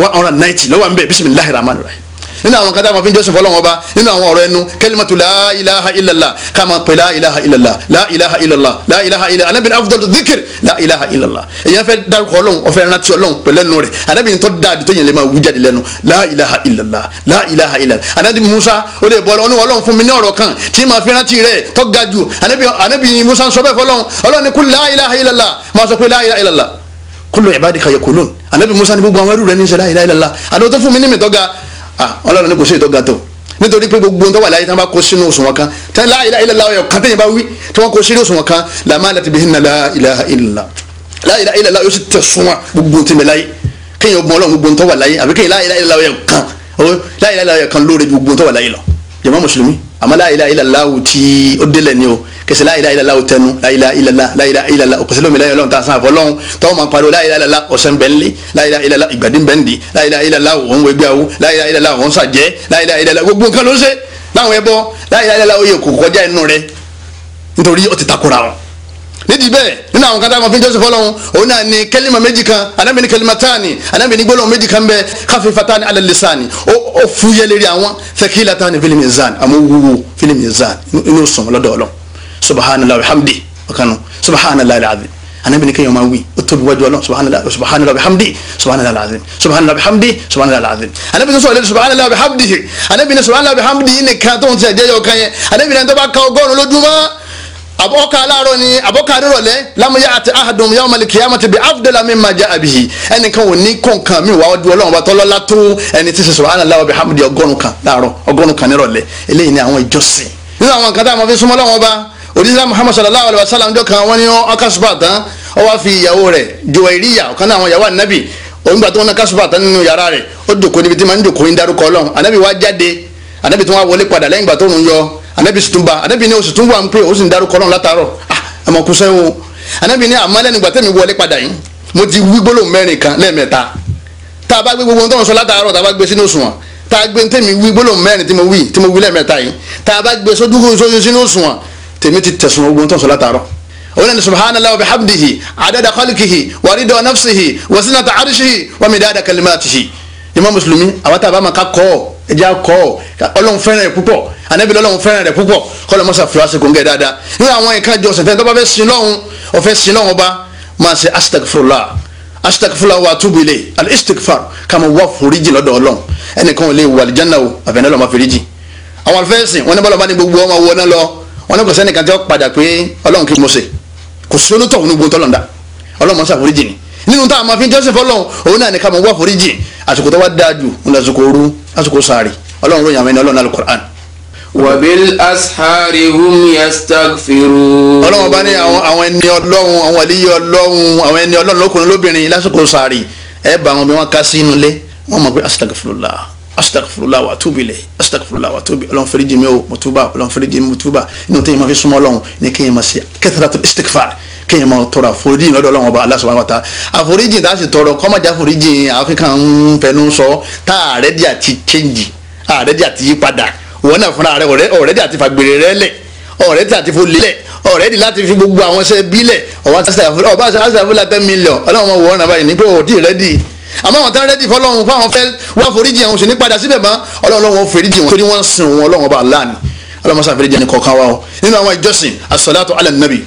S1: one hundred ninety lọ́wọ́ àmì bẹ́ẹ̀ bisimilahi rahman rahim nínú àwọn kátà àfin jésù fọlọ́wọn ọba nínú àwọn ọ̀rọ̀ ẹnu kẹlímàtú la ilaha illallah kàmá pé la ilaha illallah la ilaha illallah la ilaha illallah anabi afudal zikir la ilaha illallah èyàn fẹ́ dárúkọ ọlọ́run ọ̀fẹ́ rántí ọlọ́run pẹ̀lú ẹnu rẹ̀ anabi tó dáadé tó yẹn lè máa wú jáde lẹ́nu la ilaha illallah la ilaha illallah anabi musa ó lè bọ́ ọ́nú ọlọ́run fún mi ní ọ̀rọ̀ kan tí ma fi rántí rẹ̀ tó ga kúlò ìbádìka yakunun anabi musa ni gbogbo àwọn ẹrú rẹ ní sẹlẹ ilaha illallah àdó tó fún mi ní mi tọ́ga ah ọlọ́run ni kò sí ìtọ́ga tó nítorí pé gbogbo tó wà láyé tí wọ́n bá kó sínú òṣùwọ̀n kan tí wọ́n la ilaha illallah ọ̀yọ̀ kan tẹ̀yìn bá wí tí wọ́n kó sínú òṣùwọ̀n kan làmá láti bí hinna la ilaha illallah la ilaha illallah yóò sì tẹ̀ sunwọ̀n gbogbo tí mi láyé kéèyàn gbọ́n ọlọ́run gbogbo tó wà láyé àbí kéèyàn la láyé lọ jàmá kẹsì láyìlá ìlàlá òtẹnu láyìlá ìlàlá láyìlá ìlàlá òkèsè lómi láyìlá ọlọ́run tá a san àfọ ọlọ́run tọ́wọ́ máa pariwo láyìlá ìlàlá ọ̀sán bẹ́ńlé láyìlá ìlàlá ìgbàdí bẹ́ńdì láyìlá ìlàlá òun wẹgbẹ́ àwọ láyìlá ìlàlá òun sàjẹ́ láyìlá ìlàlá gbogbo nǹkan ló ń ṣe láwọn ẹbọ láyìlá ìlàlá oyè kò kọjá inú rẹ nítorí ó ti takora wọn nídìí bẹ́ẹ̀ nínú àwọn kátà mọ̀fín jọ́sìn fọlọ́hún òun náà ni kẹ́límà méjì kan anábì ní kẹ́límà táàní anábì ní gbólóhùn méjì kan bẹ́ẹ̀ káfí fatáni alẹ́ lẹ́sàní ó fúyẹ́ lérí àwọn fẹ́kí látàní fílímì zan àmọ́ wúwo fílímì zan inú sùn lọ́dọ̀ ọlọ́run subhanallah alhamdi ọ̀kanu subhanallah alazim anabi ni kéèyàn máa wí ó tóbi wájú ọlọ́run subhanallah subhanallah alhamdi subhanallah alazim subhanallah alhamdi subhanallah alazim anabi ni sọ̀rọ̀ subhanallah alhamdi anabi ni subhanallah alhamdi nìkan tó ń tẹ̀ jẹ́yọ̀ kan yẹn anabi ni tó bá ka ọgọ́rùn-ún lójúmọ́ abọ́ka aláàárọ̀ ni abọ́ka adérọ̀lẹ́ lámúyá àti ahadum yawm al-qiyamati bi afdala mimma ja'a bihi ẹnìkan ò ní kọ̀ọ̀kan mi wà ọdún ọlọ́run bá tọ́lọ́lá tó ẹni tí sọ̀rọ̀ subhanallah wa bihamdi ọgọ́rùn kan láàárọ̀ ọgọ́rùn kan nírọ̀lẹ́ eléyìí ni àwọn ìjọsìn nínú àwọn nǹkan tá a máa fi súnmọ́ lọ́wọ́ bá òdìsílá muhammad sallallahu alayhi wa sallam jọ kan wọn ni wọn kásùbà tán wọn wá fi ìyàwó rẹ̀ Juwairiya ọ̀kan náà àwọn ìyàwó ànábì òǹgbà tó wọn kásùbà tán nínú yàrá rẹ̀ ó dòkó níbi tí máa ń dòkó ń darúkọ Ọlọ́run ànábì wá jáde ànábì tó wọn wọlé padà lẹ́yìn ìgbà tó ń yọ ànábì sì ànábì ní oṣù tún ń pè ó sì ń darúkọ Ọlọ́run látàárọ̀ ah ẹmọ kúṣẹ́ o ànábì ní àmọ́ lẹ́nu ìgbà tẹ̀mí wọlé padà yìí mo ti wí gbólóhùn mẹ́rin kan lẹ́ẹ̀mẹ́ta tá a bá gbé gbogbo ohun tó ń sọ látàárọ̀ tá a bá gbé sínú tèmi ti tẹ̀sùn ogun tó ń sọ látàárọ̀ òun náà ni subhanallah wa bihamdihi adada khalqihi wa ridọ nafsihi wa sinata arshihi wa midada kalimatihi ìmọ̀ mùsùlùmí àwọn tá a bá ma ká kọ́ ọ ẹja kọ́ ọ ọlọ́run fẹ́ràn rẹ̀ púpọ̀ anabi lọ́lọ́run fẹ́ràn rẹ̀ púpọ̀ kọ́lọ́ mọ́sá fìwá sí gòńgẹ́ dáadáa nínú àwọn ẹ̀ka jọ̀sìn tẹ́tọ́ bá fẹ́ sin lọ́hún ọ̀fẹ́ sin lọ́hún ọba máa ṣe astagfurullah astagfurullah wa atubu ilé al istigfar ká máa wá foríjì lọ́dọ̀ ọlọ́run ẹnìkan ò lè wà lìjánná o àfẹnẹ́ lọ́ọ́ máa foríjì àwọn alfẹ́sìn wọn ní bọ́lá bá ní gbogbo ọmọ wọn náà lọ́ọ́ wọn ní kò sẹ́ni kan tí wọ́n padà pé ọlọ́run kí mo ṣe kò sí olótọ̀hún ní gbóntọ́ lọ́nda ọlọ́run mọ́sá àforíjì ni nínú táwọn máa fi joseph ọlọ́run òun náà ní ká mọ̀ wá àforíjì àsìkò tó wá dáa jù ńlá àsìkò ooru àsìkò sàárì ọlọ́run ròyìn àwọn ẹni ọlọ́run alukur'an.
S2: wabil ashari hum yastaghfirun. ọlọ́run bá ní àwọn ẹni ọlọ́run àwọn àlíyé
S1: ọlọ́run àwọn ẹni ọlọ́run lọ́kùnrin lóbìnrin lásìkò sàárì ẹ bá wọn bí wọ́n ká sí inú ilé pé astagfirullah astagfirullah wa tubi ilẹ̀ astagfirullah wa tubi ọlọ́run fẹ́rẹ́ jẹ́ mi o mo túbà ọlọ́run fẹ́rẹ́ jẹ́ mi mo túbà inú tẹ́yìn máa fi súnmọ́ ọlọ́run ní kéèyàn máa ṣe kẹ́tàràtò istighfar kéèyàn máa tọrọ àforíjì lọ́dọ̀ ọlọ́run ọba Allah subhanahu wa ta'ala àforíjì tá a ti sì tọrọ kọ́mọ̀jà àforíjì àfikàn ń fẹnu sọ tá àrẹ́dì àti kéńjì àrẹ́dì àti yípadà wọn náà fúnra rẹ ọ̀rẹ́dì àti fàgbèrè a ti ọ̀rẹ́dì àti folilẹ̀ ọ̀rẹ́dì láti fi gbogbo àwọn ṣẹ́ bílẹ̀ ọ̀wọ́n àti àṣà àfúlà ten million ọlọ́run ọmọ wọ̀ọ́ràn báyìí ní pé òdì rẹ́dì àmọ́ àwọn tán rẹ́dì fọlọ́run fáwọn fẹ́ wá foríjì àwọn òṣèlú padà síbẹ̀ mọ́ ọlọ́run wọn foríjì wọn torí wọ́n ń sin wọn ọlọ́run ọba aláàni ọlọ́run sàn foríjì ẹni kọ̀ọ̀kan wa o nínú àwọn ìjọsìn asọ́látò alẹ́nàbì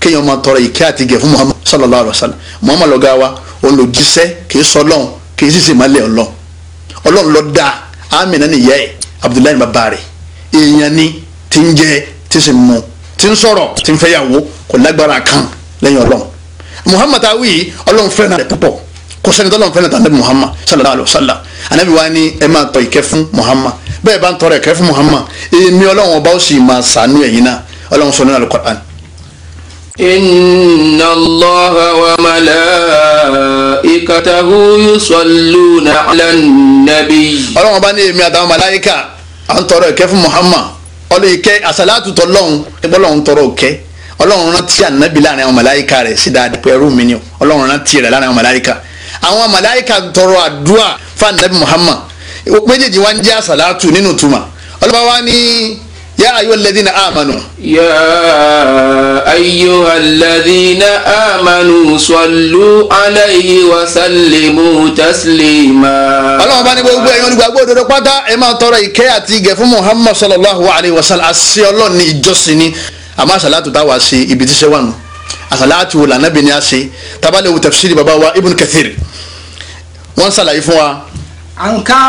S1: kéèyàn máa tọrọ ìkẹ́ àti gẹ̀ fún muhammad sallallahu alayhi wa sallam muhammad lọ́gá wa olùjíṣẹ́ kì í sọ ọlọ́run kì í sì sì máa lẹ̀ ọlọ́run ọlọ́run ló kò sẹ́ni tọ́lọ́run fẹ́ràn tàbí Muhammad sallallahu alayhi wa sallam anabi wa ni ẹ máa tọ ìkẹ́ fún Muhammad bẹ́ẹ̀ bá ń tọrọ ìkẹ́ fún Muhammad èmi ọlọ́run ọba ó sì máa sànú ẹ̀yin náà ọlọ́run sọ nínú Al-Qur'an.
S2: إن الله وملائكته يصلون على النبي ọlọ́run ọba ní èmi àtàwọn màláíkà à ń tọrọ ìkẹ́ fún Muhammad ọlọ́run
S1: ìkẹ́ àsàlátù tọ́lọ́run ẹgbẹ́ ọlọ́run rántí ànábì láàrin àwọn màláíkà rẹ̀ sí dáadé pé mi ni ọlọ́run rántí rẹ̀ láàrin àwọn màláíkà àwọn màláìka tọrọ àdúrà fún anabi muhammad méjèèjì wá ń jẹ́ àsàlátù nínú túmọ̀ ọlọ́ba wa ní yá ayọ́ alladhina amanu.
S2: yá ayọ́ alladhina amanu sallu alayhi wa sallimu taslima. ọlọ́run bá ní gbogbo ẹ̀yin
S1: olùgbàgbọ́ òdodo pátá ẹ máa tọrọ ìkẹ́ àti ìgẹ̀ fún muhammad sallallahu alayhi wa sallam àṣẹ ọlọ́run ìjọsìn ni àmọ́ àsàlátù táwa ṣe ibi tíṣẹ́ wà nù àsàlátù wò lànà bìnrin àṣe tabalẹ̀ wò tafsiri baba wa ibn kathir
S2: wọ́n ṣàlàyé fún wa. ànkà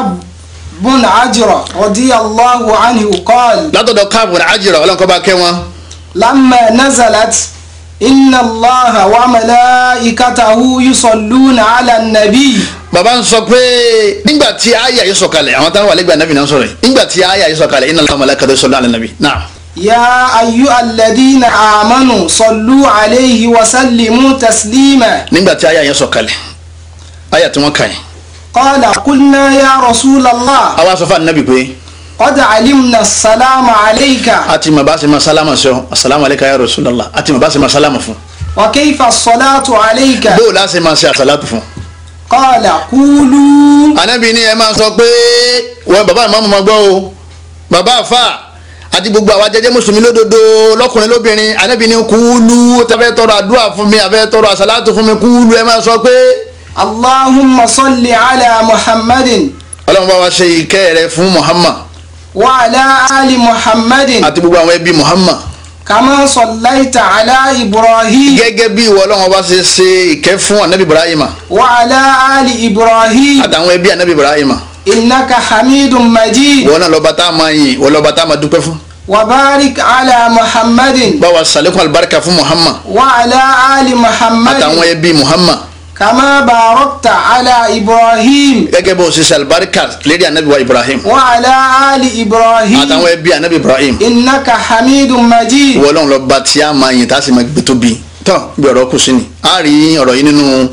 S2: bùn àjùrọ̀ radiyallahu anhu qal. látọ̀dọ̀ ká bùn ajira ọlọ́nkọ́ bá kẹ́ wọn. lamma nazalat inna allah wa malaikatahu yusalluna ala nabi. baba ń sọ pé
S1: nígbà tí aya yìí sọ̀kalẹ̀ àwọn táwọn wà lẹ́gbẹ̀ẹ́ anabi náà sọ̀rọ̀ yìí nígbà tí aya yìí sọ̀kalẹ̀ inna allah wa malaikatahu yusalluna ala nabi
S2: náà. يا أيها الذين آمنوا صلوا عليه وسلموا تسليما
S1: nígbà tí aya yẹn sọ̀kalẹ̀ aya tí wọ́n kà yẹn.
S2: قال قلنا يا رسول الله. àwa sọ fún anabi pé. قد علمنا السلام عليك.
S1: a ti mọ̀ bá a ṣe máa sálámà sọ asalaamu aleyka ya rasulallah a ti mọ̀ bá a ṣe máa sálámà fún. وكيف الصلاة عليك. bó o la ṣe máa ṣe àṣàlátù fún.
S2: قال قولوا.
S1: anabi ni ẹ máa sọ pé wọ bàbá ìmáàmù máa gbọ́ o bàbá àfà àti gbogbo àwa jẹjẹ mùsùlùmí lódodo lọkùnrin lóbìnrin ànábì ni kúlú tẹfẹ tọrọ àdúrà fún mi àfẹ tọrọ àsálàtù fún mi kúlú ẹ máa sọ pé. allahumma salli ala muhammadin. ọlọ́run bá wa ṣe ìkẹ́ rẹ fún muhammad. wa ala ali muhammadin. àti gbogbo àwọn ẹbí muhammad. kama sallaita ala ibrahim. gẹ́gẹ́ bí ìwọ ọlọ́run bá ṣe ṣe ìkẹ́ fún ànábì ibrahim. wa ala ali ibrahim. àtàwọn ẹbí ànábì ibrahim. innaka hamidun majid. wọ́n náà lọ́ba tá máa yìn wọ́n lọ́ba tá máa dúpẹ́ fún. وبارك على محمد بوا سالكم البركة في محمد
S2: وعلى آل
S1: محمد أتعوى يبي محمد كما باركت على إبراهيم يجب أن البركة لدي النبي إبراهيم
S2: وعلى آل إبراهيم أتعوى
S1: يبي النبي إبراهيم
S2: إنك حميد مجيد
S1: ولون لباتيا ما يتاسي مكبتو بي تو بيروكو سيني أري أري ننو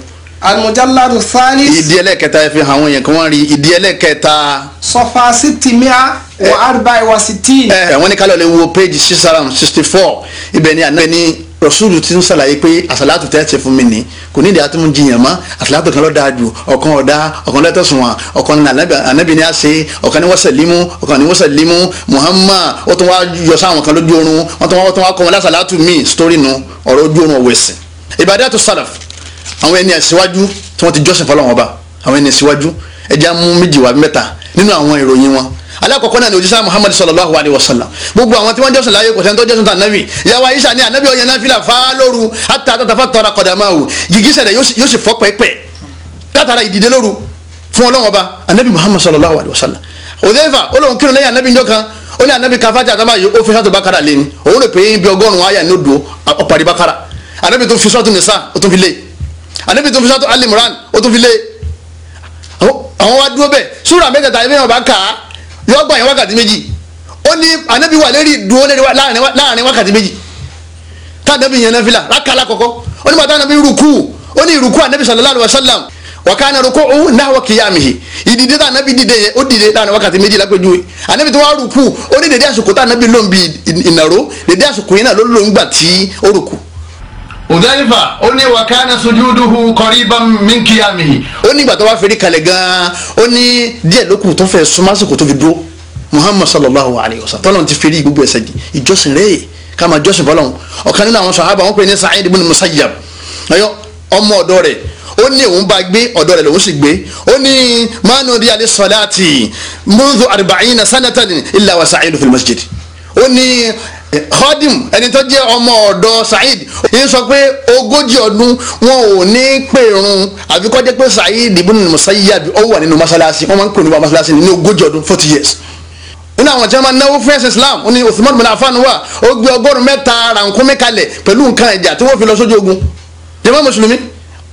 S1: almujalladu salis. ìdí ẹlẹ́kẹta ẹ fi hàn àwọn yẹn kí wọ́n rí ìdí ẹlẹ́kẹta. sọfà sitimia wà eh. arba wa sitin. ẹ eh, wọ́n ní kálọ̀ lè wo page six hundred sixty four ibẹ̀ ni àná ni rasulu ti ń ṣàlàyé pé àṣàlátù tẹ́ ṣe fún mi ni kò ní ìdí àti mú jiyàn mọ́ àṣàlátù kan ló dáa jù ọ̀kan ọ̀dá ọ̀kan lẹ́tọ̀sùn ọ̀kan ní anabi ọ̀kan ní wọ́sẹ̀ limu ọ̀kan ní wọ́sẹ̀ limu muhammad ó tún wá yọ sáwọn kan lójú oorun wọ́n tún wá kọ́ wọn lásàlátù míì sítórí nu ọ̀rọ̀ ojú oorun ọ̀wẹ̀sìn ìbádàtù sálàfù àwọn ẹni àṣewájú tí wọ́n ti jọ́sìn fọlọ́wọn ọba àwọn ẹni àṣewájú ẹja mú méjì wá mẹ́ta nínú àwọn ìròyìn wọn alákọ̀ọ́kọ́ náà ni òjísà muhammad sallallahu alayhi wa sallam gbogbo àwọn tí wọ́n jọ́sìn láyé kò sẹ́ni tó jọ́sìn tà nábì yàwá isa ni ànábì ọ̀yẹ́ náfìlà fà lóru àtàtàfà tọ́ra kọ̀dàmá o gìgísẹ̀ rẹ̀ yóò sì fọ́ pẹ́pẹ́ látara ìdìde lóru fún ọlọ́wọ́n ba ànábì muhammad sallallahu alayhi wa sallam òdẹ́fà olóhùn kírun lẹ́yìn ànábì njọ́ ó ní ànábì kan ni òun rò pé bí ọgọ́rùn-ún àyà ní odò ọ̀pàdé bákàrà ànábì tó fi sọ́tò nìsa ó tún fi lé ànábì tó fi sọ́tò alimuran ó tó fi lé àwọn wa dúró bẹ́ẹ̀ súrà mẹ́tẹ̀ẹ̀ta ẹ̀mí ọba kà á yọ ọgbà yẹn wákàtí méjì ó ní ànábì wà lérí dúró lérí láàrin wákàtí méjì tànábì yẹn náfìlà lákàlà kọ́kọ́ ó ní bàtà ànábì rúkú ó ní ìrúkú ànábì sallallahu alaihi wasallam wakana ruku o nahwa kiyamihi ìdìde tá anabi dìde yẹ ó dìde láàrin wákàtí méjì lápẹjúwe anabi tó wá ruku ó ní dèdé àsìkò tá anabi ló ń bi ìnàró dèdé àsìkò yẹn náà ló ló ń gbà tí ó ruku Udhaifa ó ní wa kana sujuduhu qariban min qiyamihi. ó ní ìgbà tó bá feri kalẹ̀ gan-an ó ní díẹ̀ lókù tó fẹ́ súnmásìkò tó fi dúró Muhammad sallallahu alayhi wa sallam tọ́lọ́n ti feri gbogbo ẹ̀ṣẹ̀ ìjọsìn rẹ̀ ká máa jọ́sìn fọlọ́n ọ̀kan nínú àwọn sàhábà wọn pè ní Sa'id ibn Musayyab ọyọ ọmọ ọ̀dọ̀ rẹ̀ ó ní òun bá gbé ọ̀dọ̀ rẹ̀ lòun sì gbé ó ní manu di alẹ́ sọ̀láàtì mundu arba'ina sanatan illa wa Sa'idu fil masjid ó ní eh, Khadim ẹni tó jẹ́ ọmọ ọ̀dọ̀ Saheed ń sọ pé ogójì ọdún wọn ò ní pèrun àfi kó jẹ́ pé Saheed ibn Musayyab ó wà nínú mọ́sálásí wọ́n máa ń pè nínú mọ́sálásí ní ogójì ọdún forty years nínú àwọn tí wọ́n máa náwó fún ẹ̀sìn Islam ó ní Uthman bin Affan wà ó gbé ọgọ́rùn mẹ́ta rànkúnmí kalẹ̀ pẹ̀lú nǹkan ìjà tí wọ́n fi lọ sójú ogun jẹ́mọ́ mùsùlùmí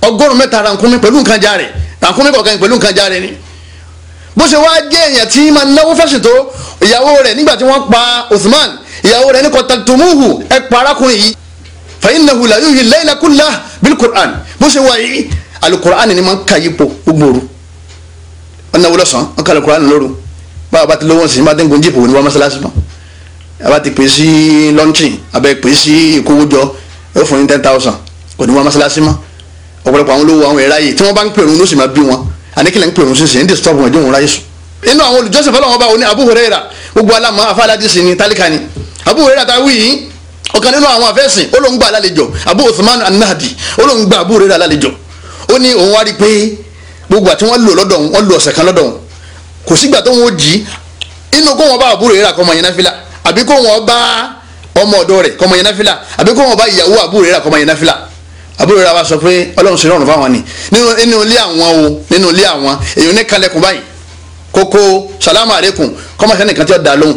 S1: ọgọ́rùn mẹ́ta rànkúnmí pẹ̀lú nǹkan ìjà rẹ̀ rànkúnmí kọ̀ọ̀kan pẹ̀lú nǹkan ìjà ni bó ṣe wáá jẹ́ èèyàn tí máa náwó fẹ́sìn tó ìyàwó rẹ̀ nígbà tí wọ́n pa Usman ìyàwó rẹ̀ ní kọ́tàtùmùhù ẹ pa arákùnrin yìí fàyínnahu la yuhi layla kulla bil Qur'an bó ṣe wáá yìí alukur'an ni máa ń ka yípo gbogbo òru wọn náwó lọ́sàn-án wọn ka alukur'an lóru báwa bá ti lówó sí bá ti ń ní wọn mọ́sálásí mọ́ àbá ti pè sí lọ́ńchì àbẹ pè sí ìkówójọ ó fún ten thousand kò ní wọn mọ́sálásí mọ́ ọ̀pọ̀lọpọ̀ àwọn olówó àwọn ẹ̀ráyè tí wọ́n bá ń pèrún ló sì máa bí wọn àníkìlẹ̀ ń pè òun sísè ń disturb wọn jóun ráyè sùn inú àwọn olùjọ́sìn fọlọ́wọn bá òní Abu Huraira gbogbo alámọ̀ afáàlájì sí ni Abu Huraira ta wí yìí ọ̀kan nínú àwọn afẹ́sìn ó ló Abu Uthman An-Nahdi ó Abu Huraira alálejò ó ní òun wá rí i pé gbogbo àti wọ́n lò lọ́dọ̀ wọn lò ọ̀sẹ̀ kan lọ́dọ̀ wọn kò sígbà tó wọn jí inú kó wọn bá Abu Huraira kọ́ ọmọ yẹn náfìlà àbí kó wọn bá ọmọ ọ̀dọ́ rẹ̀ kọ́ ọmọ yẹn náfìlà àbí kó wọn bá ìyàwó Abu Huraira kọ́ ọmọ yẹn náfìlà àbúrò rẹ̀ wa sọ pé ọlọ́run ṣe rọrùn fáwọn ni nínú ilé àwọn o nínú ilé àwọn èèyàn ní kalẹ̀kùn báyìí kókó salamu aleykum kọ́mọ̀ṣẹ́ nìkan tí ó dá lóhùn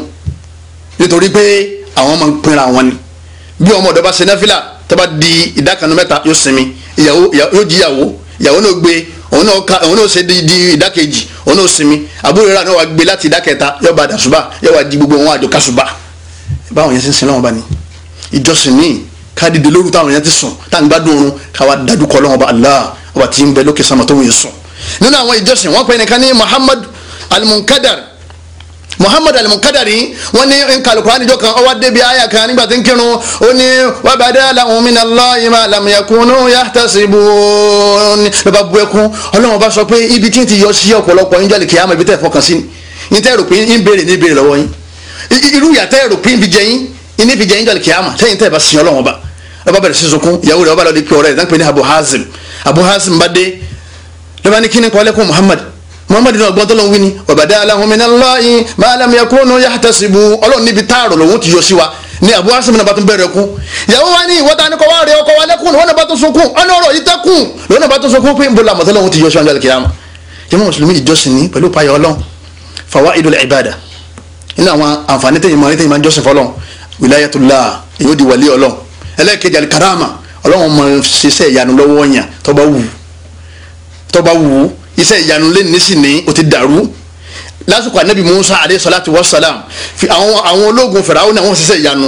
S1: nítorí pé àwọn ọmọ ń pinra wọn ni bí ọmọ ọ̀dọ́ bá ṣe náfìlà tó bá di ìdákanu mẹ́ta yóò sinmi ìyàwó yóò jí ìyàwó ìyàwó náà gbé òun náà ka òun náà ṣe di di ìdákejì òun náà sinmi àbúrò rẹ̀ náà wá gbé láti ìdákẹta yóò bá dàsùbà yóò wá di gbogbo wọn àjò kásùbà báwọn yẹn ṣe ń sin lọ́wọ́ bá ní ìjọsìn níì ká dìde lóru táwọn èèyàn ti sùn tá à gbádùn oorun ká wá dájú kọ Allah ọba tí ń bẹ lókè sàmà tó ń sùn. nínú àwọn ìjọsìn wọn pe nìkan ní Muhammad al-Munkadar Muhammad al-Munkadar yìí wọn ní nka alukura níjọ kan ọwọ́ débi àyà kan nígbà tí ń kírun ó ní wa bada lahum min Allahi ma lam yakunu yahtasibun bàbá bu ẹkún Ọlọ́run bá sọ pé ibi tí ń ti yọ sí ọ̀pọ̀lọpọ̀ yín jọ́lì kìyàmọ̀ ibi tẹ̀ fọkàn sí ni tẹ́ rò pé ń béèrè ní béèrè lọ́wọ́ yín irú ìyà rò pé ń fi jẹ yín ní fi jẹ yín jọ́lì kìyàmọ̀ tẹ́yìn tẹ́ bá sin Ọlọ́run bá lọ́ba bẹ̀rẹ̀ sí sunkún ìyàwó rẹ̀ ọba lọ́ọ́ di pé ọ̀rẹ́ rẹ̀ náà Abu Hazim Abu Hazim bade, dé lọ́ba ní kíni pọ́lẹ́kùn Muhammad Muhammad náà gbọ́dọ̀ lọ́wọ́ ní ọ̀bàdà aláhùn mi náà lọ́yìn ma lam yakunu yahtasibu ọlọ́run níbi táàrọ̀ lòun ti yọ sí wa ní Abu Hazim na bá tún bẹ̀rẹ̀ kún ìyàwó wa ní ìwọ́ta ní kọ́wá rẹ̀ ọkọ wa lẹ́kùn lọ́wọ́ náà bá tún sunkún ọ̀nà ọ̀rọ̀ yìí tẹ́kùn lọ́wọ́ náà bá tún pe pé nbọ̀ làmọ̀tọ́ lọ́wọ́ ti yọ sí wa ní alikiyama jẹ́mọ̀ mùsùlùmí ìjọsìn ní pẹ̀lú fawaidul ibada ina àwọn àǹfààní tẹ̀yìn mọ́ ní tẹ̀yìn máa ń jọ́sìn wilayatullah èyí ó di ẹlẹ́ẹ̀kejì alikarama ọlọ́run máa ń ṣiṣẹ́ ìyanu lọ́wọ́ yàn tó bá wù tó bá wù iṣẹ́ ìyanu lé nísìnyí o ti dàrú lásìkò anabi musa aleyhi salatu wa salam fi àwọn àwọn ológun fìràwọn náà wọn ṣiṣẹ́ ìyanu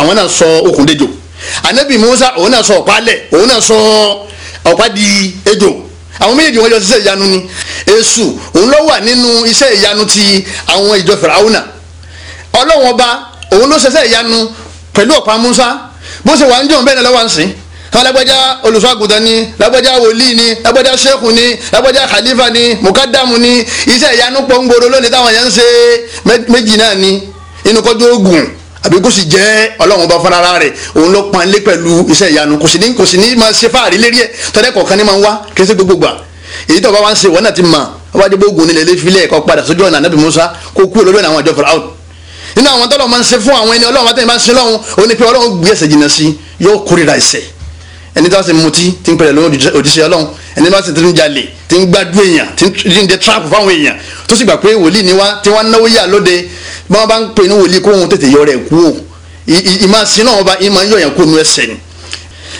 S1: àwọn náà sọ okùn dejò anabi musa òun náà sọ ọ̀pá lẹ̀ òun náà sọ ọ̀pá di ejò àwọn méjèèjì wọn jọ ṣiṣẹ́ ìyanu ni èṣù òun ló wà nínú iṣẹ́ ìyanu ti àwọn ìjọ fìràwọn náà ọlọ́wọ́n ọba òun ló ṣiṣẹ́ ìyanu pẹ̀lú ọ̀pá musa bó ṣe wà ń jòun bẹ́ẹ̀ ni lọ́wọ́ ń sìn àwọn lágbájá olùṣọ́àgùntàn ni lágbájá wòlíì ni lágbájá ṣẹ́kù ni lágbájá khalifa ni mukadamu ni iṣẹ́ ìyanu pọ̀ngboro lónìí táwọn yẹn ń ṣe méjì náà ni inú kọjú oògùn àbí kò sì jẹ́ ọlọ́run bá fúnra rẹ̀ òun ló pan lé pẹ̀lú iṣẹ́ ìyanu kò sì ní kò sì ní máa ṣe fáàrí lérí ẹ̀ tọ́lẹ̀ kọ̀ọ̀kan ní máa ń wá kí ṣe gbogbo gbà èyí tó bá wá ń ṣe ìwọ náà ti mọ̀ wọ́n out nínú àwọn tọ́lọ̀ máa ń ṣe fún àwọn ẹni ọlọ́run àtẹ̀yìn máa ń ṣe lọ́hùn ó ní pé ọlọ́run gbé ẹ̀ṣẹ̀ jìnnà sí yóò kórìíra ẹ̀ṣẹ̀ ẹni tó ń ṣe mutí tí ń pẹ̀lẹ́ lóhùn òjíṣẹ́ ọlọ́run ẹni bá sì ti ń jalè tí ń gbádùn èèyàn tí ń jẹ trap fáwọn èèyàn tó sì gbà pé wòlíì ni wá tí wọ́n náwó yà lóde bí wọ́n bá ń pè ní wòlíì kó òun tètè yọ rẹ̀ kú o ìmọ̀ sí náà ọba ìmọ̀ ń yọ̀yàn kó nu ẹ̀ṣẹ̀ ni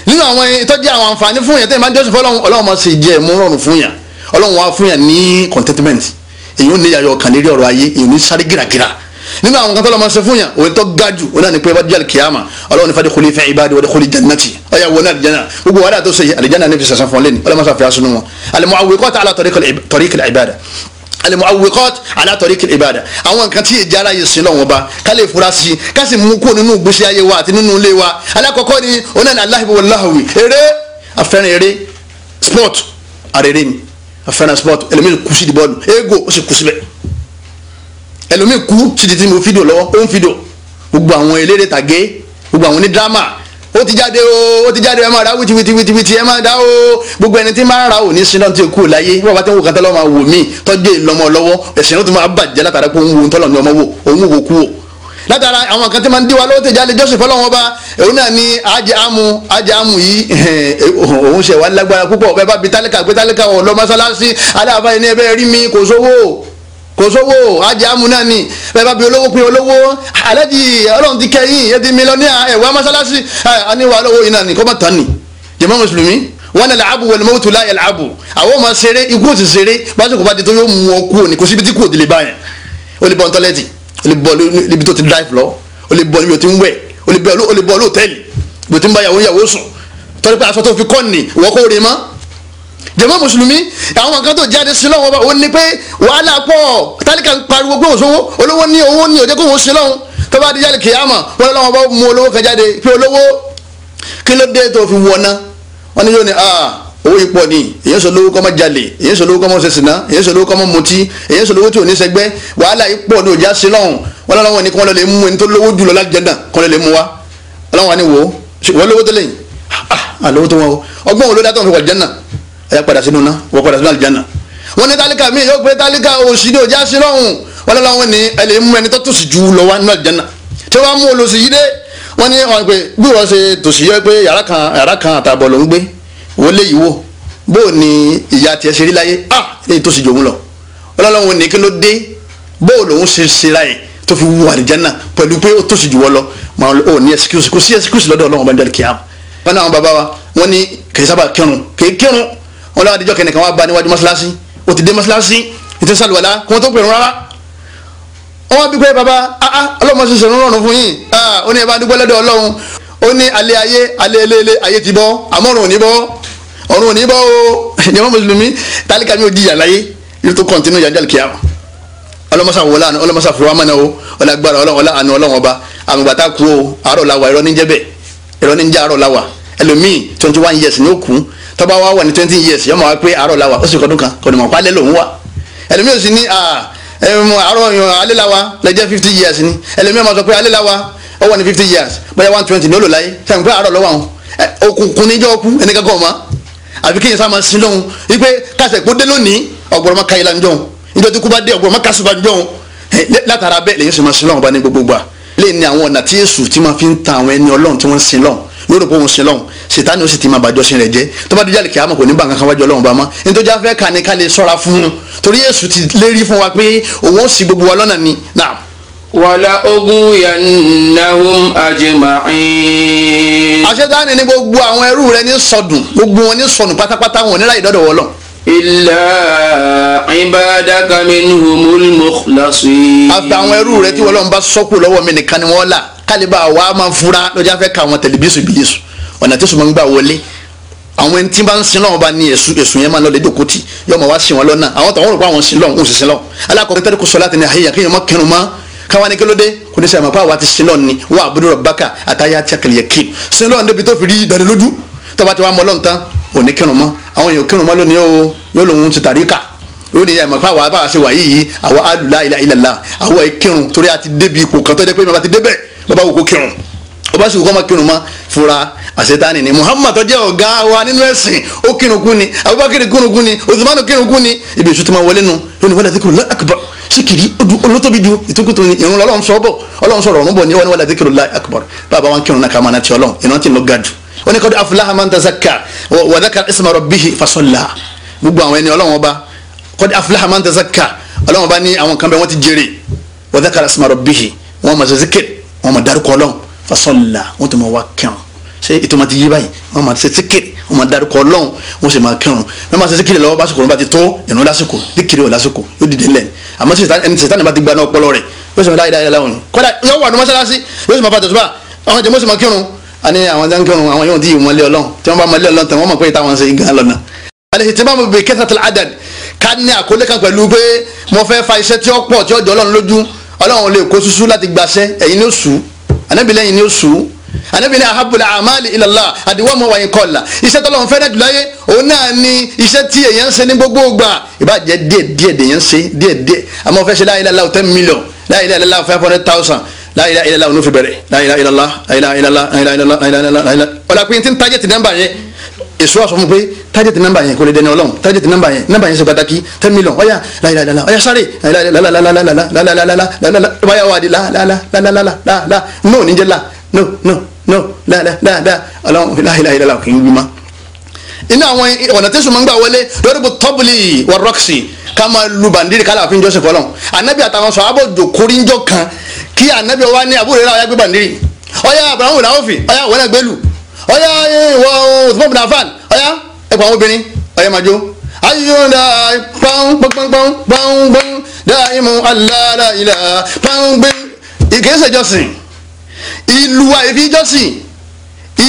S1: nínú àwọn ìtọ́jú àwọn àǹfààní fún yẹn tẹ́lẹ̀ máa ń jọ́sìn fọlọ́run ọlọ́run máa ṣe jẹ́ ẹ̀mú rọrùn fún contentment èyí ò ní yàyọ̀ kàn lérí ọ̀rọ̀ ayé èyí ò ní sáré nínú àwọn kan tó lọ́mọ ṣe fún yàn òun tó ga jù òun náà ni pé wájú alikiyama ọlọ́run nífa dẹ́kun nífẹ̀ẹ́ ibadi wọ́n dẹ́kun ní jannati ọ̀yà wọ́n náà jẹ́nà gbogbo wàdà tó ṣe àlìjánà níbi sàṣàn fún lẹ́nu ọlọ́mọ sàfihàn sunu wọn alimuawikọ́ ta ala tọ́ríkìlì ibada alimuawikọ́t alatọ̀ríkì ìbàdà àwọn nǹkan tí ìjà ara yìí sin lọ́wọ́ ba ká lè fura sí i ká sì mú kó nínú ìgbésí ayé wa àti nínú ilé wa alákọ̀ọ́kọ́ ni onáni aláhìbọ̀láhùwì eré afẹ́ràn eré sport arèrè ni afẹ́ràn sport ẹlẹ́mìí kùsì dìbọ́ọ̀lù eégò ó sì kùsì bẹ́ẹ̀ ẹlòmíì kú títí tí mo fídò lọ́wọ́ ó ń fídò gbogbo àwọn eléré tàgé gbogbo àwọn ní dírámà ó ti jáde o ó ti jáde ẹ máa ra wíti wíti wíti wíti ẹ máa dá o gbogbo ẹni tí máa ń ra òní sinú tí o kú láyé wọn bá ti ń wo kan máa wò mí tọ́jú ìlọmọ lọ́wọ́ ẹ̀sìn ló ti máa bàjẹ́ látara pé òun wo tọ́lọ́ ni ọmọ wò òun wò kú o látara àwọn kan tí máa ń díwa lọ́wọ́ tẹ̀jáde jọ́sìn fọlọ́wọn bá òun náà ni ajé amú ajé amú yìí òun ṣe wà lágbára púpọ̀ bẹ́ẹ̀ bá bi tálíkà gbé tálíkà ọ̀ lọ mọ́sálásí aláàbáyé ni ẹ bẹ́ẹ̀ rí mi kò sówó ajá amúná ni bẹ́ẹ̀ bá bi olówó pin olówó alẹ́jì ọlọ́run ti kẹ́yìn ẹ̀dín mílíọ̀nìyà ẹ̀wá mọ́sálásí àníwá olówó yìí náà ni kó má tán ni jàmá mùsùlùmí wọn nàlẹ́ àbù wẹ̀lẹ́ mọ́tò láyẹ̀ làbù àwọn ọmọ ṣeré ikú òsì ṣeré báṣekò bá di tó yóò mú ọ kúrò ní kò síbi tí kú òdìlẹ̀ báyẹn o bọ́ ntọ́lẹ́tì o bọ́ níbi tó ti drive lọ o bọ́ níbi tó ti ń wẹ̀ o bọ́ jàmá mùsùlùmí àwọn kan tó jáde sí lọ́wọ́ ọba òun ni pé wàhálà pọ̀ tálíkà ń pariwo pé òṣòwò olówó ní owó ní òjẹ́ kó wọ́n sí lọ́hùn tó bá di jáde kìyàmà wọ́n lọ́wọ́ bá mú olówó kan jáde pé olówó kí ló dé tó fi wọ̀nà wọ́n ní yóò ní aa ah, owó yìí pọ̀ ni èyàn sọ lówó kọ́ mọ́ jalè èyàn sọ lówó kọ́ mọ́ sẹ̀sìnà èyàn sọ lówó kọ́ mọ́ mutí èyàn sọ lówó tí ò ní sẹgbẹ́ wàhálà yìí pọ̀ ní òjá sí lọ́hùn wọn lọ́wọ́ ni kọ́ ah, ah, ọgbọ́n wo ló dá tó ń fi wà jẹ́ náà ẹ̀yà padà sínú ná wọ́n padà sínú àlìjáná wọ́n ní tálíkà míì yóò gbé tálíkà òsì ní òjá sí lọ́hùn wọ́n lọ́la wọn ní ẹ lè mú ẹni tó tòsí jù lọ wá nínú àlìjáná tí wọ́n mú olùsí yìí dé wọ́n ní wọn pé bí wọ́n ṣe tòsí yẹ pé yàrá kan yàrá kan àtàbọ̀ ló ń gbé wọ́n lé yìí wò bó o ìyá tiẹ̀ ṣe rí láyé ah èyí tòsí jòun lọ ọlọ́lọ́ wọn ní kí ló dé bó o lòun ṣe ṣe láyé tó fi wù àlìjáná pẹ̀lú pé ó tòsí jù wọ́n lọ màá ò wọn láwọn adijọ́ kẹ́nìkan wá bá níwájú mọ́ṣáláṣí ó ti dé mọ́ṣáláṣí ètò ìsàlùwàlá kí wọ́n tó pè rárá wọ́n bí pé baba ah ah ọlọ́mọ ṣe sọ̀rọ̀ rọrùn fún yín ah ó ní ẹ bá dúpẹ́ lọ́dọ̀ ọlọ́run ó ní alẹ́ ayé alẹ́ eléle ayé ti bọ́ àmọ́ ọ̀run ò ní bọ́ ọ̀run ò ní bọ́ o ìjọba mùsùlùmí tálíkà mi ò di ìyàláyé yóò tó kọ̀ntínú yàjọ́ kíá ọlọ́mọṣà wọlé àná ọlọ́mọṣà fúra mọ́nà ní jẹ́bẹ̀ twenty one years ni tọ́ba wa wà ní twenty years yọmọ wa pé àárọ̀ la wà ó sì kọ́dún kan kò ní mọ̀ pa alẹ́ lòún wà ẹlòmíì ò sì ní ah, àárọ̀ alẹ́ la wa lẹ́jẹ́ fifty years ni ẹlòmíì ọmọ sọ pé alẹ́ la wa ó wà ní fifty years bóyá one twenty ni ó lò láyé sẹ́yìn pé àárọ̀ lọ́wọ́ àwọn òkùnkùn níjọ́ kú ẹni kankan ọ̀ma àfi kéèyàn sáà máa sin lóhun wípé kásẹ̀ kó dé lónìí ọ̀gbọ̀rọ̀ máa ka ìlànà jọ̀hún níjọ́ tí kú bá dé ọ̀gbọ̀rọ̀ máa kásùbà jọ̀hún látara bẹ́ẹ̀ lèyìn sì máa sin lọ́hun bá ní gbogbo gbà lẹ́yìn ni àwọn ọ̀nà tí Èṣù ti máa fi ń ta àwọn ẹni Ọlọ́run tí wọ́n ń sin lọ́hun yóò rò pé òun sin ó sì ti máa bàjọ́ sin rẹ̀ jẹ́ tó bá dújà lè kí àmọ̀ kò ní bá kan wájú ọlọ́run bá mọ́ ní tó jáfẹ́ ká lè sọ́ra fún un torí èṣù ti lérí fún wa pé
S2: òun ó sì gbogbo wa lọ́nà ni wàlá ogun yannahum ajma'in.
S1: àṣetánì ni gbogbo àwọn ẹrú rẹ̀ ní sọdùn gbogbo wọn ní sọnù pátápátá wọn níláyè dọ́dọ̀ wọlọ́
S2: illa ibadaka minhumul mukhlasin. àtàwọn ẹrú rẹ̀ tí wọ́n lọ́n
S1: kálíbà wa máa fura lọ́jà fẹ́ ka àwọn tẹlifíṣù ìbílíṣù ọ̀nà tí sùnmọ́ ń gbà wọlé àwọn ẹni tí bá ń sin lọ́wọ́ bá ní èsù èsù yẹn máa lọ lé dòkó tì yọmọ wá sin wọn lọ́nà àwọn tó àwọn rò pé àwọn sin lọ́wọ́ ń sin lọ́wọ́ alákọ̀ọ́kọ́ tẹ́lẹ̀ kò sọ láti ní àyè kéèyàn mọ́ kẹrùn mọ́ káwọn akéwòlódé kò ní sẹ́yìn mọ́ ti sin lọ́ọ̀ ni wà àbúrò rẹ̀ bákà àtàyà tẹ́kẹ̀lẹ̀ kí sin lọ́ọ̀ níbi tó fi rí ìdánilójú tọ́ba ti wá mọ́ lọ́ntán òní kírun mọ́ àwọn èèyàn kírun mọ́ lónìí o yóò lòun ti tàríkà yóò ní ẹ̀mọ́ fáwọn abáwá ṣe wà yìí àwọn alùlá ilà la àwọn ìkírun torí a ti débi ipò kan tó jẹ́ pé màbá ti débẹ̀ bàbá wò kó kírun bàbá sì kó má kírun má fura àṣetánì ni Muhammad tó jẹ́ ọ̀gá wa nínú ẹ̀sìn ó kírun kún ni Abubakar kírun kún ni Usman kírun kún ni ibi èso tó máa wọlé nu lónìí wàlá dìkìrù lá akbar sikiri olótóbi ju ìtukùtù ni ìrún lọ́lọ́run sọ bọ̀ Ọlọ́run sọ̀rọ̀ ni bọ̀ ní wàlá dìkìrù lá akbar bàbá wa kírun náà ká máa na ti Ọlọ́run ìrántí ti lọ ga jù ó ní kọ́ afúláhà máa ń tazakka wa dhakara isma rabbihi fasọ́là gbogbo àwọn ẹni Ọlọ́run ọba kọ́ afúláhà wọ́n ti jèrè wọn mọ dárúkọ Ọlọ́run fasọlá wọn tó mọ wá kẹrùn ṣé ìtumọ̀ ti yí báyìí wọn mọ ṣe síkìrì wọn mọ dárúkọ Ọlọ́run wọn sì mọ kẹrùn wọn mọ ṣe síkìrì lọ́wọ́ básìkò wọn bá ti tó ìrún lásìkò díkìrì ò lásìkò yóò dìde lẹ àmọ́ ẹni sèta bá ti gbaná ọpọlọ rẹ yóò sì mọ láyé láyé láwọn kódà yóò wà ní mọ́ṣáláṣí yóò sì mọ fàtẹ̀ tuba àwọn jẹ́ mọ́ṣáláṣí kírun àní àwọn jẹ́ kírun àwọn yóò di ìmọ̀lẹ́ Ọlọ́run tí wọ́n bá mọ̀lẹ́ Ọlọ́run tán wọ́n mọ̀ pé ìta wọn ṣe gan lọ́nà. àlejò tí bámu bèè kẹsàtàlá àdàd ká ní àkọlé kan pẹ̀lú pé mo fẹ́ fa iṣẹ́ tí ó pọ̀ tí ó jọ Ọlọ́run lójú ọlọ́run lè kó susu láti gbaṣẹ́ ẹ̀yin ni ó sùn ànábì lẹ́yìn ni ó sùn ní ahabul amali ilallah àdìwọ́mọ wàyí kọ́la iṣẹ́ tọ́lọ́run fẹ́rẹ́ jù láyé òun náà ni iṣẹ́ tí èèyàn ń ṣe ní gbogbo ìgbà ìbàjẹ́ díẹ̀ díẹ̀ dèèyàn ṣe díẹ̀ díẹ̀ àmọ́ fẹ́ ṣe la ilaha illallah ten million la ilaha five hundred thousand la ilaha illallah ló fi bẹ̀rẹ̀ la ilaha illallah la ilaha illallah la ilaha illallah la ilaha illallah la ilaha illallah ọ̀dà pé n ti ń tájẹ̀tì nọ́mbà yẹn èso àsọ fún pé tájẹ̀tì nọ́mbà yẹn kò lè dẹni ọlọ́run tájẹ̀tì nọ́mbà yẹn nọ́mbà yẹn ṣe pàtàkì ten million ọ̀yà la ilaha illallah ọ̀yà sáré la ilaha illallah la ilaha illallah la ilaha illallah ọ̀yà wà di la la la la la la la la no níjẹ́ la no no no la la la la ọlọ́run la ilaha illallah kì í wí ma inú àwọn ọ̀nà tẹ́sùn máa ń gbà wọlé lórí bu tọ́bùlì wọ rọ́ọ̀sì ká máa lu bàndírì kálá àfin jọ́sìn fọlọ́n ànábì kí ànábì wa ní àbúrò rẹ̀ ọ̀yá gbé bàndírì ọ̀yá abrahamu làwọ̀fì ọ̀yá wọ́n náà gbẹ́lù eh, ìwọ eh, Usman bin Affan ọ̀yá àwọn obìnrin ọ̀yá màjọ. ayọ̀dà pàún pàún pàún pàún dáìmù aláàlá pàún gbé ìkẹ́sẹ̀ jọ́sìn ìlú àyèfí jọ́sìn